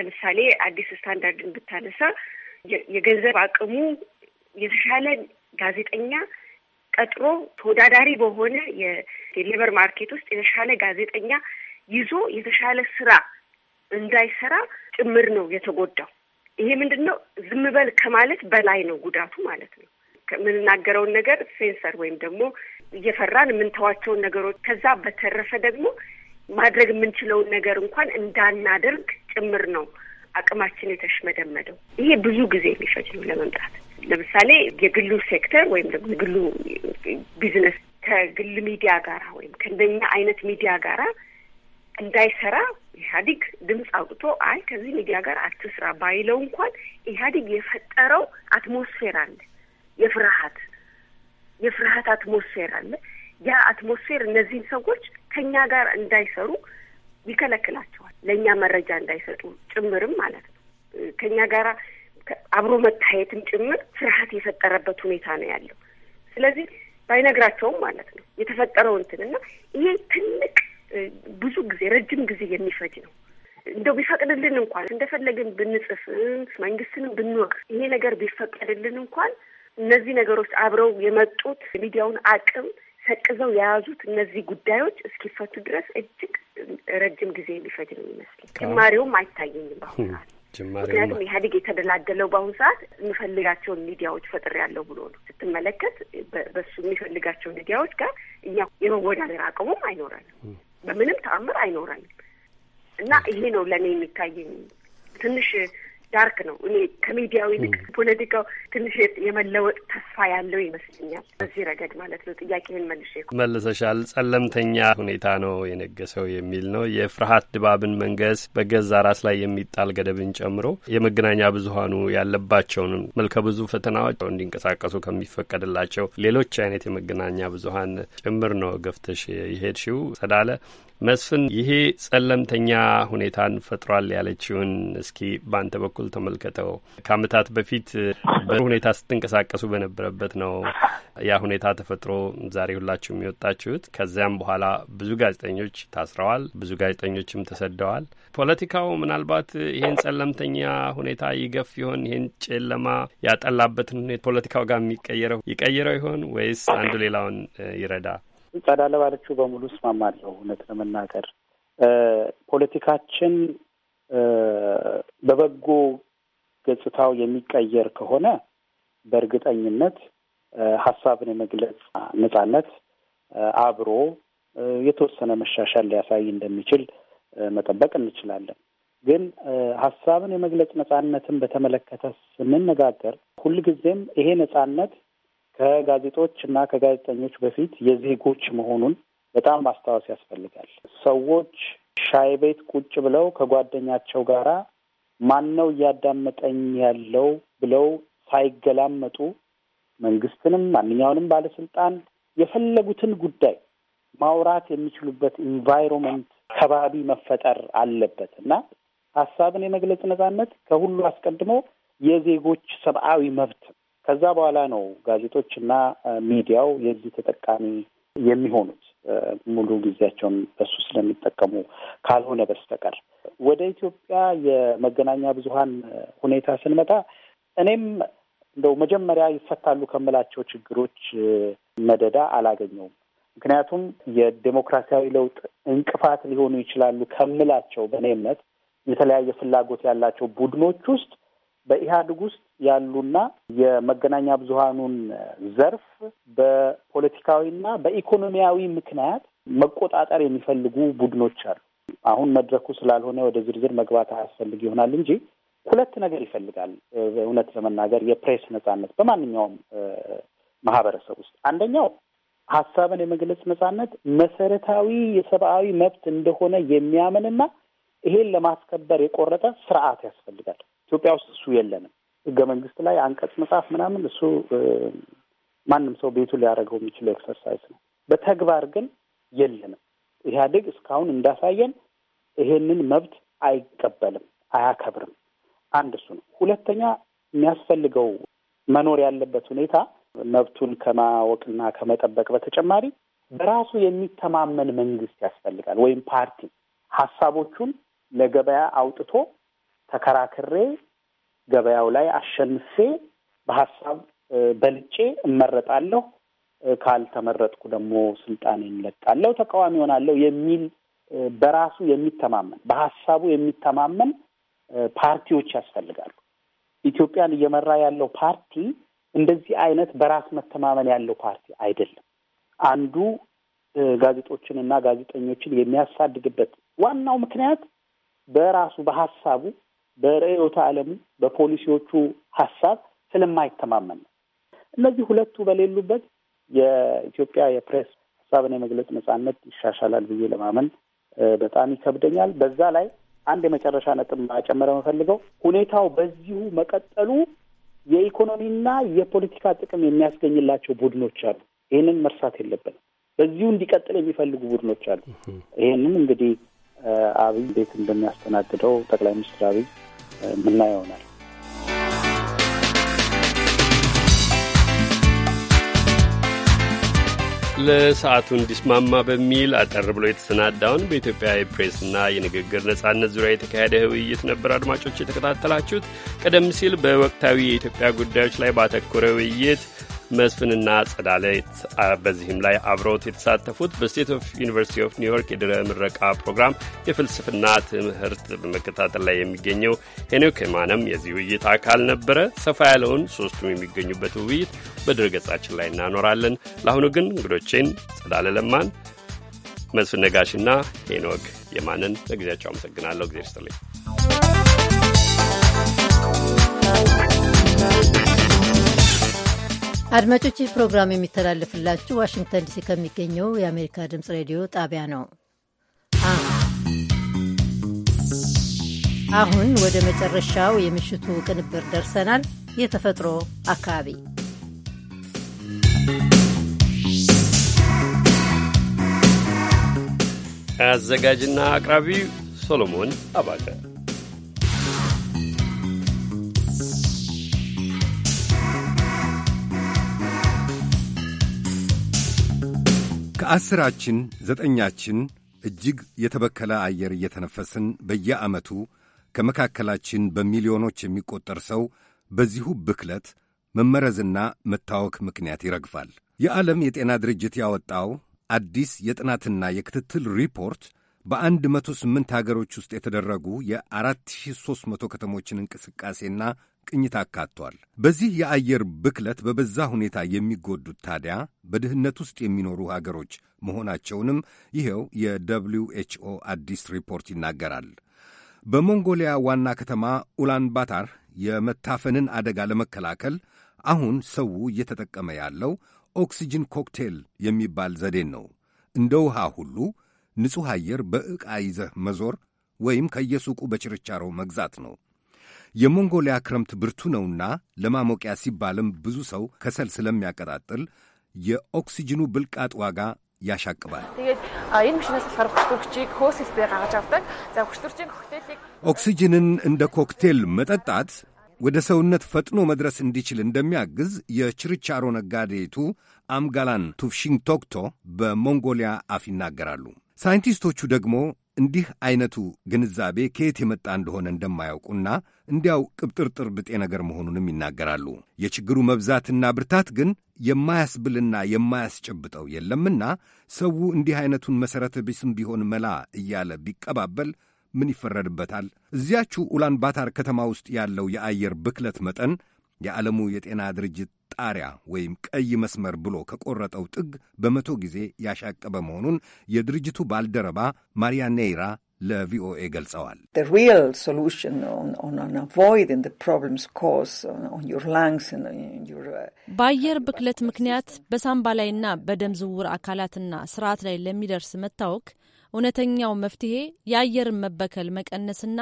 ለምሳሌ አዲስ ስታንዳርድን ብታነሳ የገንዘብ አቅሙ የተሻለ ጋዜጠኛ ቀጥሮ ተወዳዳሪ በሆነ የሌበር ማርኬት ውስጥ የተሻለ ጋዜጠኛ ይዞ የተሻለ ስራ እንዳይሰራ ጭምር ነው የተጎዳው። ይሄ ምንድን ነው? ዝም በል ከማለት በላይ ነው ጉዳቱ ማለት ነው። የምንናገረውን ነገር ሴንሰር ወይም ደግሞ እየፈራን የምንተዋቸውን ነገሮች፣ ከዛ በተረፈ ደግሞ ማድረግ የምንችለውን ነገር እንኳን እንዳናደርግ ጭምር ነው አቅማችን የተሽመደመደው። ይሄ ብዙ ጊዜ የሚፈጅ ነው ለመምጣት። ለምሳሌ የግሉ ሴክተር ወይም ደግሞ የግሉ ቢዝነስ ከግል ሚዲያ ጋራ ወይም ከእንደኛ አይነት ሚዲያ ጋራ እንዳይሰራ ኢህአዲግ ድምፅ አውጥቶ አይ ከዚህ ሚዲያ ጋር አትስራ ባይለው እንኳን ኢህአዲግ የፈጠረው አትሞስፌር አለ፣ የፍርሀት የፍርሀት አትሞስፌር አለ። ያ አትሞስፌር እነዚህን ሰዎች ከኛ ጋር እንዳይሰሩ ይከለክላቸዋል። ለእኛ መረጃ እንዳይሰጡ ጭምርም ማለት ነው። ከእኛ ጋር አብሮ መታየትም ጭምር ፍርሃት የፈጠረበት ሁኔታ ነው ያለው። ስለዚህ ባይነግራቸውም ማለት ነው የተፈጠረው እንትን እና ይሄ ትልቅ ብዙ ጊዜ ረጅም ጊዜ የሚፈጅ ነው። እንደው ቢፈቅድልን እንኳን እንደፈለግን ብንጽፍ መንግስትንም ብንወቅስ ይሄ ነገር ቢፈቀድልን እንኳን እነዚህ ነገሮች አብረው የመጡት የሚዲያውን አቅም ሰቅዘው የያዙት እነዚህ ጉዳዮች እስኪፈቱ ድረስ እጅግ ረጅም ጊዜ የሚፈጅ ነው ይመስል ጅማሬውም አይታየኝም በአሁኑ ሰዓት። ምክንያቱም ኢህአዴግ የተደላደለው በአሁኑ ሰዓት የሚፈልጋቸውን ሚዲያዎች ፈጥር ያለው ብሎ ነው። ስትመለከት በሱ የሚፈልጋቸው ሚዲያዎች ጋር እኛ የመወዳደር አቅሙም አይኖረንም፣ በምንም ተአምር አይኖረንም። እና ይሄ ነው ለእኔ የሚታየኝ ትንሽ ዳርክ ነው። እኔ ከሚዲያው ይልቅ ፖለቲካው ትንሽ የመለወጥ ተስፋ ያለው ይመስለኛል። በዚህ ረገድ ማለት ነው። ጥያቄህን መልሼ መልሰሻል። ጸለምተኛ ሁኔታ ነው የነገሰው የሚል ነው። የፍርሀት ድባብን መንገስ በገዛ ራስ ላይ የሚጣል ገደብን ጨምሮ የመገናኛ ብዙሀኑ ያለባቸውንም መልከ ብዙ ፈተናዎች እንዲንቀሳቀሱ ከሚፈቀድላቸው ሌሎች አይነት የመገናኛ ብዙሀን ጭምር ነው ገፍተሽ የሄድሽው ሰዳለ መስፍን፣ ይሄ ጸለምተኛ ሁኔታን ፈጥሯል ያለችውን እስኪ በአንተ በኩል ተመልከተው። ከአመታት በፊት ሁኔታ ስትንቀሳቀሱ በነበረበት ነው ያ ሁኔታ ተፈጥሮ ዛሬ ሁላችሁ የሚወጣችሁት። ከዚያም በኋላ ብዙ ጋዜጠኞች ታስረዋል፣ ብዙ ጋዜጠኞችም ተሰደዋል። ፖለቲካው ምናልባት ይህን ጸለምተኛ ሁኔታ ይገፍ ይሆን? ይህን ጨለማ ያጠላበትን ሁኔታ ፖለቲካው ጋር የሚቀየረው ይቀይረው ይሆን ወይስ አንዱ ሌላውን ይረዳ? ጸዳ ለባለችው በሙሉ እስማማለሁ። እውነት ለመናገር ፖለቲካችን በበጎ ገጽታው የሚቀየር ከሆነ በእርግጠኝነት ሀሳብን የመግለጽ ነጻነት አብሮ የተወሰነ መሻሻል ሊያሳይ እንደሚችል መጠበቅ እንችላለን። ግን ሀሳብን የመግለጽ ነጻነትን በተመለከተ ስንነጋገር ሁልጊዜም ይሄ ነጻነት ከጋዜጦች እና ከጋዜጠኞች በፊት የዜጎች መሆኑን በጣም ማስታወስ ያስፈልጋል። ሰዎች ሻይ ቤት ቁጭ ብለው ከጓደኛቸው ጋራ ማን ነው እያዳመጠኝ ያለው ብለው ሳይገላመጡ መንግስትንም ማንኛውንም ባለስልጣን የፈለጉትን ጉዳይ ማውራት የሚችሉበት ኢንቫይሮንመንት ከባቢ መፈጠር አለበት እና ሀሳብን የመግለጽ ነጻነት ከሁሉ አስቀድሞ የዜጎች ሰብአዊ መብት ከዛ በኋላ ነው ጋዜጦች እና ሚዲያው የዚህ ተጠቃሚ የሚሆኑት ሙሉ ጊዜያቸውን በሱ ስለሚጠቀሙ ካልሆነ በስተቀር። ወደ ኢትዮጵያ የመገናኛ ብዙኃን ሁኔታ ስንመጣ እኔም እንደው መጀመሪያ ይፈታሉ ከምላቸው ችግሮች መደዳ አላገኘውም። ምክንያቱም የዴሞክራሲያዊ ለውጥ እንቅፋት ሊሆኑ ይችላሉ ከምላቸው በእኔ እምነት የተለያየ ፍላጎት ያላቸው ቡድኖች ውስጥ በኢህአዴግ ውስጥ ያሉና የመገናኛ ብዙሀኑን ዘርፍ በፖለቲካዊና በኢኮኖሚያዊ ምክንያት መቆጣጠር የሚፈልጉ ቡድኖች አሉ። አሁን መድረኩ ስላልሆነ ወደ ዝርዝር መግባት አያስፈልግ ይሆናል እንጂ ሁለት ነገር ይፈልጋል። እውነት ለመናገር የፕሬስ ነጻነት በማንኛውም ማህበረሰብ ውስጥ አንደኛው ሀሳብን የመግለጽ ነጻነት መሰረታዊ የሰብአዊ መብት እንደሆነ የሚያምንና ይሄን ለማስከበር የቆረጠ ስርዓት ያስፈልጋል። ኢትዮጵያ ውስጥ እሱ የለንም። ህገ መንግስት ላይ አንቀጽ መጽሐፍ ምናምን እሱ ማንም ሰው ቤቱ ሊያደርገው የሚችለው ኤክሰርሳይዝ ነው። በተግባር ግን የለንም። ኢህአዴግ እስካሁን እንዳሳየን ይሄንን መብት አይቀበልም፣ አያከብርም። አንድ እሱ ነው። ሁለተኛ የሚያስፈልገው መኖር ያለበት ሁኔታ መብቱን ከማወቅና ከመጠበቅ በተጨማሪ በራሱ የሚተማመን መንግስት ያስፈልጋል፣ ወይም ፓርቲ ሀሳቦቹን ለገበያ አውጥቶ ተከራክሬ ገበያው ላይ አሸንፌ በሀሳብ በልጬ እመረጣለሁ፣ ካልተመረጥኩ ደግሞ ስልጣኔን ለቃለሁ፣ ተቃዋሚ ሆናለሁ የሚል በራሱ የሚተማመን በሀሳቡ የሚተማመን ፓርቲዎች ያስፈልጋሉ። ኢትዮጵያን እየመራ ያለው ፓርቲ እንደዚህ አይነት በራስ መተማመን ያለው ፓርቲ አይደለም። አንዱ ጋዜጦችን እና ጋዜጠኞችን የሚያሳድግበት ዋናው ምክንያት በራሱ በሀሳቡ በርዕዮተ ዓለሙ በፖሊሲዎቹ ሀሳብ ስለማይተማመን ነው። እነዚህ ሁለቱ በሌሉበት የኢትዮጵያ የፕሬስ ሀሳብን የመግለጽ ነጻነት ይሻሻላል ብዬ ለማመን በጣም ይከብደኛል። በዛ ላይ አንድ የመጨረሻ ነጥብ ማጨመር የምፈልገው ሁኔታው በዚሁ መቀጠሉ የኢኮኖሚና የፖለቲካ ጥቅም የሚያስገኝላቸው ቡድኖች አሉ። ይህንን መርሳት የለብንም። በዚሁ እንዲቀጥል የሚፈልጉ ቡድኖች አሉ። ይህንን እንግዲህ አብይ ቤት እንደሚያስተናግደው ጠቅላይ ሚኒስትር አብይ ምና ይሆናል። ለሰዓቱ እንዲስማማ በሚል አጠር ብሎ የተሰናዳውን በኢትዮጵያ የፕሬስና የንግግር ነጻነት ዙሪያ የተካሄደ ውይይት ነበር አድማጮች የተከታተላችሁት። ቀደም ሲል በወቅታዊ የኢትዮጵያ ጉዳዮች ላይ ባተኮረ ውይይት መስፍንና ጸዳለት በዚህም ላይ አብረውት የተሳተፉት በስቴት ኦፍ ዩኒቨርሲቲ ኦፍ ኒውዮርክ የድረ ምረቃ ፕሮግራም የፍልስፍና ትምህርት በመከታተል ላይ የሚገኘው ሄኖክ ማነም የዚህ ውይይት አካል ነበረ። ሰፋ ያለውን ሶስቱም የሚገኙበት ውይይት በድረገጻችን ላይ እናኖራለን። ለአሁኑ ግን እንግዶቼን ጸዳለ ለማን፣ መስፍን ነጋሽና ሄኖክ የማንን ለጊዜያቸው አመሰግናለሁ። እግዜር ይስጥልኝ። አድማጮች ይህ ፕሮግራም የሚተላለፍላችሁ ዋሽንግተን ዲሲ ከሚገኘው የአሜሪካ ድምፅ ሬዲዮ ጣቢያ ነው። አሁን ወደ መጨረሻው የምሽቱ ቅንብር ደርሰናል። የተፈጥሮ አካባቢ አዘጋጅና አቅራቢ ሶሎሞን አባተ ከአስራችን ዘጠኛችን እጅግ የተበከለ አየር እየተነፈስን በየዓመቱ ከመካከላችን በሚሊዮኖች የሚቆጠር ሰው በዚሁ ብክለት መመረዝና መታወክ ምክንያት ይረግፋል። የዓለም የጤና ድርጅት ያወጣው አዲስ የጥናትና የክትትል ሪፖርት በ መቶ ስምንት ሀገሮች ውስጥ የተደረጉ የ4300 ከተሞችን እንቅስቃሴና ቅኝት አካቷል። በዚህ የአየር ብክለት በበዛ ሁኔታ የሚጎዱት ታዲያ በድህነት ውስጥ የሚኖሩ ሀገሮች መሆናቸውንም ይኸው የደብሊው ኤችኦ አዲስ ሪፖርት ይናገራል። በሞንጎሊያ ዋና ከተማ ኡላንባታር የመታፈንን አደጋ ለመከላከል አሁን ሰው እየተጠቀመ ያለው ኦክሲጅን ኮክቴል የሚባል ዘዴን ነው። እንደ ውሃ ሁሉ ንጹሕ አየር በዕቃ ይዘህ መዞር ወይም ከየሱቁ በችርቻሮ መግዛት ነው። የሞንጎሊያ ክረምት ብርቱ ነውና ለማሞቂያ ሲባልም ብዙ ሰው ከሰል ስለሚያቀጣጥል የኦክሲጅኑ ብልቃጥ ዋጋ ያሻቅባል። ኦክሲጅንን እንደ ኮክቴል መጠጣት ወደ ሰውነት ፈጥኖ መድረስ እንዲችል እንደሚያግዝ የችርቻሮ ነጋዴቱ አምጋላን ቶክቶ በሞንጎሊያ አፍ ይናገራሉ። ሳይንቲስቶቹ ደግሞ እንዲህ አይነቱ ግንዛቤ ከየት የመጣ እንደሆነ እንደማያውቁና እንዲያው ቅብጥርጥር ብጤ ነገር መሆኑንም ይናገራሉ። የችግሩ መብዛትና ብርታት ግን የማያስብልና የማያስጨብጠው የለምና ሰው እንዲህ አይነቱን መሠረተ ቢስም ቢሆን መላ እያለ ቢቀባበል ምን ይፈረድበታል? እዚያችሁ ኡላን ባታር ከተማ ውስጥ ያለው የአየር ብክለት መጠን የዓለሙ የጤና ድርጅት ጣሪያ ወይም ቀይ መስመር ብሎ ከቆረጠው ጥግ በመቶ ጊዜ ያሻቀበ መሆኑን የድርጅቱ ባልደረባ ማሪያ ኔይራ ለቪኦኤ ገልጸዋል። uh, uh, በአየር ብክለት ምክንያት በሳምባ ላይና በደም ዝውውር አካላትና ስርዓት ላይ ለሚደርስ መታወክ እውነተኛው መፍትሄ የአየርን መበከል መቀነስና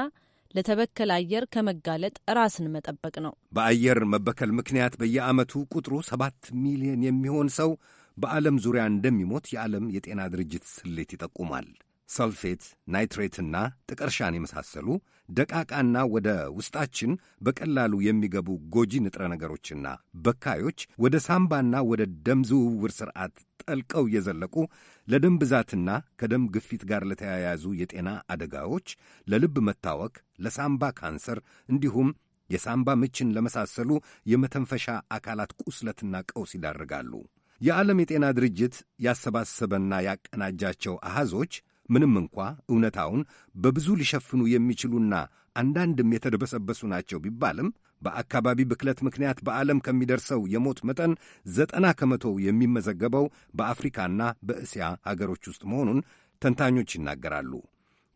ለተበከለ አየር ከመጋለጥ ራስን መጠበቅ ነው። በአየር መበከል ምክንያት በየዓመቱ ቁጥሩ ሰባት ሚሊዮን የሚሆን ሰው በዓለም ዙሪያ እንደሚሞት የዓለም የጤና ድርጅት ስሌት ይጠቁማል። ሰልፌት፣ ናይትሬትና ጥቀርሻን የመሳሰሉ ደቃቃና ወደ ውስጣችን በቀላሉ የሚገቡ ጎጂ ንጥረ ነገሮችና በካዮች ወደ ሳምባና ወደ ደም ዝውውር ስርዓት ጠልቀው እየዘለቁ ለደም ብዛትና ከደም ግፊት ጋር ለተያያዙ የጤና አደጋዎች፣ ለልብ መታወክ፣ ለሳምባ ካንሰር እንዲሁም የሳምባ ምችን ለመሳሰሉ የመተንፈሻ አካላት ቁስለትና ቀውስ ይዳርጋሉ። የዓለም የጤና ድርጅት ያሰባሰበና ያቀናጃቸው አሃዞች ምንም እንኳ እውነታውን በብዙ ሊሸፍኑ የሚችሉና አንዳንድም የተደበሰበሱ ናቸው ቢባልም በአካባቢ ብክለት ምክንያት በዓለም ከሚደርሰው የሞት መጠን ዘጠና ከመቶ የሚመዘገበው በአፍሪካና በእስያ ሀገሮች ውስጥ መሆኑን ተንታኞች ይናገራሉ።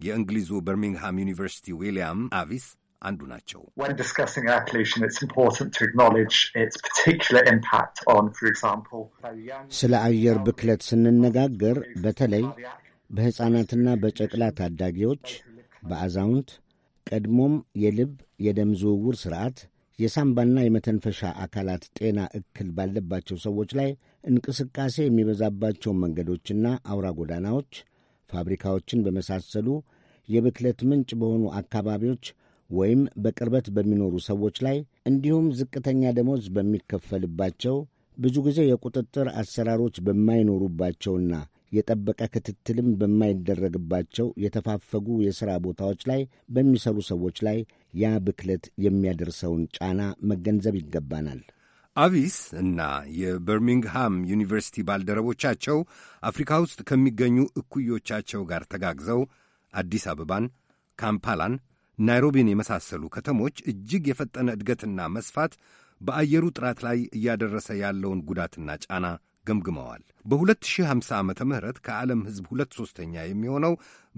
የእንግሊዙ በርሚንግሃም ዩኒቨርሲቲ ዊልያም አቪስ አንዱ ናቸው። ስለ አየር ብክለት ስንነጋገር በተለይ በሕፃናትና በጨቅላ ታዳጊዎች፣ በአዛውንት ቀድሞም የልብ የደም ዝውውር ሥርዓት የሳምባና የመተንፈሻ አካላት ጤና እክል ባለባቸው ሰዎች ላይ እንቅስቃሴ የሚበዛባቸው መንገዶችና አውራ ጎዳናዎች፣ ፋብሪካዎችን በመሳሰሉ የብክለት ምንጭ በሆኑ አካባቢዎች ወይም በቅርበት በሚኖሩ ሰዎች ላይ እንዲሁም ዝቅተኛ ደሞዝ በሚከፈልባቸው ብዙ ጊዜ የቁጥጥር አሰራሮች በማይኖሩባቸውና የጠበቀ ክትትልም በማይደረግባቸው የተፋፈጉ የሥራ ቦታዎች ላይ በሚሰሩ ሰዎች ላይ ያ ብክለት የሚያደርሰውን ጫና መገንዘብ ይገባናል። አቪስ እና የበርሚንግሃም ዩኒቨርሲቲ ባልደረቦቻቸው አፍሪካ ውስጥ ከሚገኙ እኩዮቻቸው ጋር ተጋግዘው አዲስ አበባን፣ ካምፓላን፣ ናይሮቢን የመሳሰሉ ከተሞች እጅግ የፈጠነ እድገትና መስፋት በአየሩ ጥራት ላይ እያደረሰ ያለውን ጉዳትና ጫና ገምግመዋል። በ2050 ዓ ም ከዓለም ሕዝብ ሁለት ሦስተኛ የሚሆነው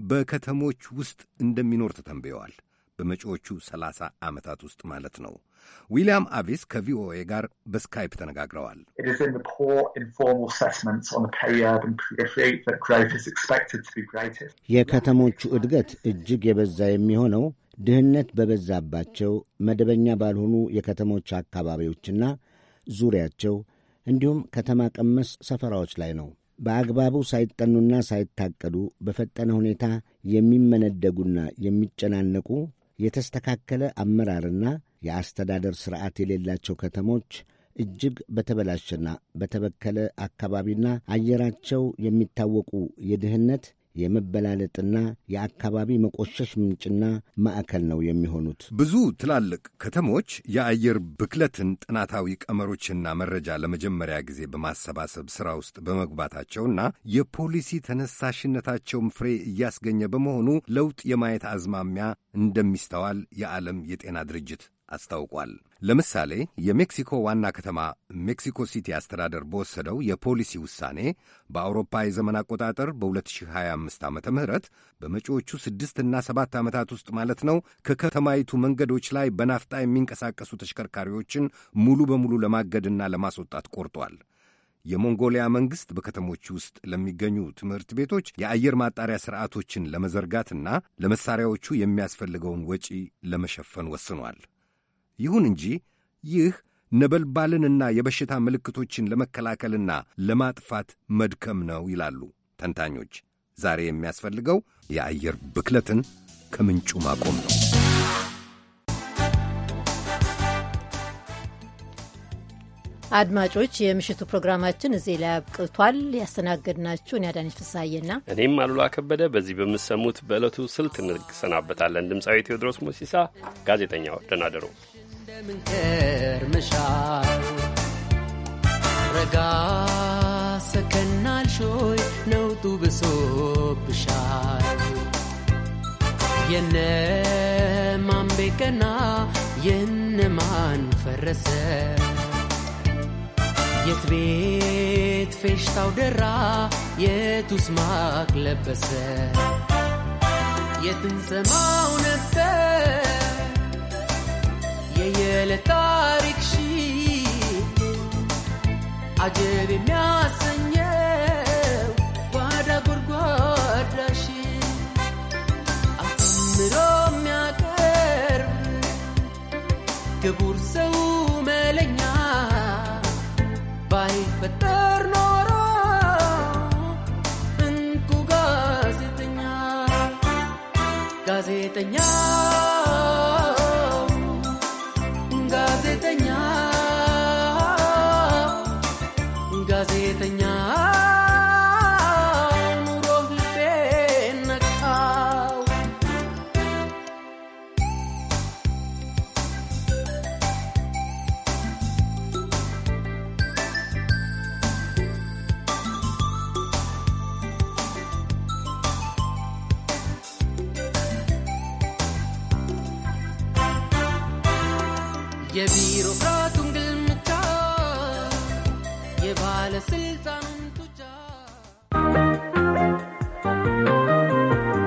በከተሞች ውስጥ እንደሚኖር ተተንብየዋል። በመጪዎቹ 30 ዓመታት ውስጥ ማለት ነው። ዊልያም አቪስ ከቪኦኤ ጋር በስካይፕ ተነጋግረዋል። e የከተሞቹ እድገት እጅግ የበዛ የሚሆነው ድህነት በበዛባቸው መደበኛ ባልሆኑ የከተሞች አካባቢዎችና ዙሪያቸው እንዲሁም ከተማ ቀመስ ሰፈራዎች ላይ ነው። በአግባቡ ሳይጠኑና ሳይታቀዱ በፈጠነ ሁኔታ የሚመነደጉና የሚጨናነቁ የተስተካከለ አመራርና የአስተዳደር ሥርዓት የሌላቸው ከተሞች እጅግ በተበላሸና በተበከለ አካባቢና አየራቸው የሚታወቁ የድህነት የመበላለጥና የአካባቢ መቆሸሽ ምንጭና ማዕከል ነው የሚሆኑት። ብዙ ትላልቅ ከተሞች የአየር ብክለትን ጥናታዊ ቀመሮችና መረጃ ለመጀመሪያ ጊዜ በማሰባሰብ ሥራ ውስጥ በመግባታቸውና የፖሊሲ ተነሳሽነታቸውም ፍሬ እያስገኘ በመሆኑ ለውጥ የማየት አዝማሚያ እንደሚስተዋል የዓለም የጤና ድርጅት አስታውቋል። ለምሳሌ የሜክሲኮ ዋና ከተማ ሜክሲኮ ሲቲ አስተዳደር በወሰደው የፖሊሲ ውሳኔ በአውሮፓ የዘመን አቆጣጠር በ2025 ዓ ም በመጪዎቹ ስድስትና ሰባት ዓመታት ውስጥ ማለት ነው ከከተማይቱ መንገዶች ላይ በናፍጣ የሚንቀሳቀሱ ተሽከርካሪዎችን ሙሉ በሙሉ ለማገድና ለማስወጣት ቆርጧል። የሞንጎሊያ መንግሥት በከተሞች ውስጥ ለሚገኙ ትምህርት ቤቶች የአየር ማጣሪያ ስርዓቶችን ለመዘርጋትና ለመሳሪያዎቹ የሚያስፈልገውን ወጪ ለመሸፈን ወስኗል። ይሁን እንጂ ይህ ነበልባልንና የበሽታ ምልክቶችን ለመከላከልና ለማጥፋት መድከም ነው ይላሉ ተንታኞች። ዛሬ የሚያስፈልገው የአየር ብክለትን ከምንጩ ማቆም ነው። አድማጮች፣ የምሽቱ ፕሮግራማችን እዚህ ላይ አብቅቷል። እኔ ያዳነች ፍሳዬና እኔም አሉላ ከበደ በዚህ በምሰሙት በዕለቱ ስልት እንሰናበታለን። ድምፃዊ ቴዎድሮስ ሞሲሳ፣ ጋዜጠኛ ደናደሩ ለምንከር መሻል ረጋ ሰከናል ሾይ ነውጡ ብሶ ፈረሰ የት ቤት ፌሽታው ደራ የቱስ ማቅ ለበሰ የትንሰማው ነበር የየለታሪክ ሺ አጀብ የሚያሰኘው ጓዳ ጎድጓዳሽ አምሮ የሚያቀርብ ክቡር ሰው መለኛ ባይፈጠር ኖሮ እንኩ ጋዜጠኛ ጋዜጠኛ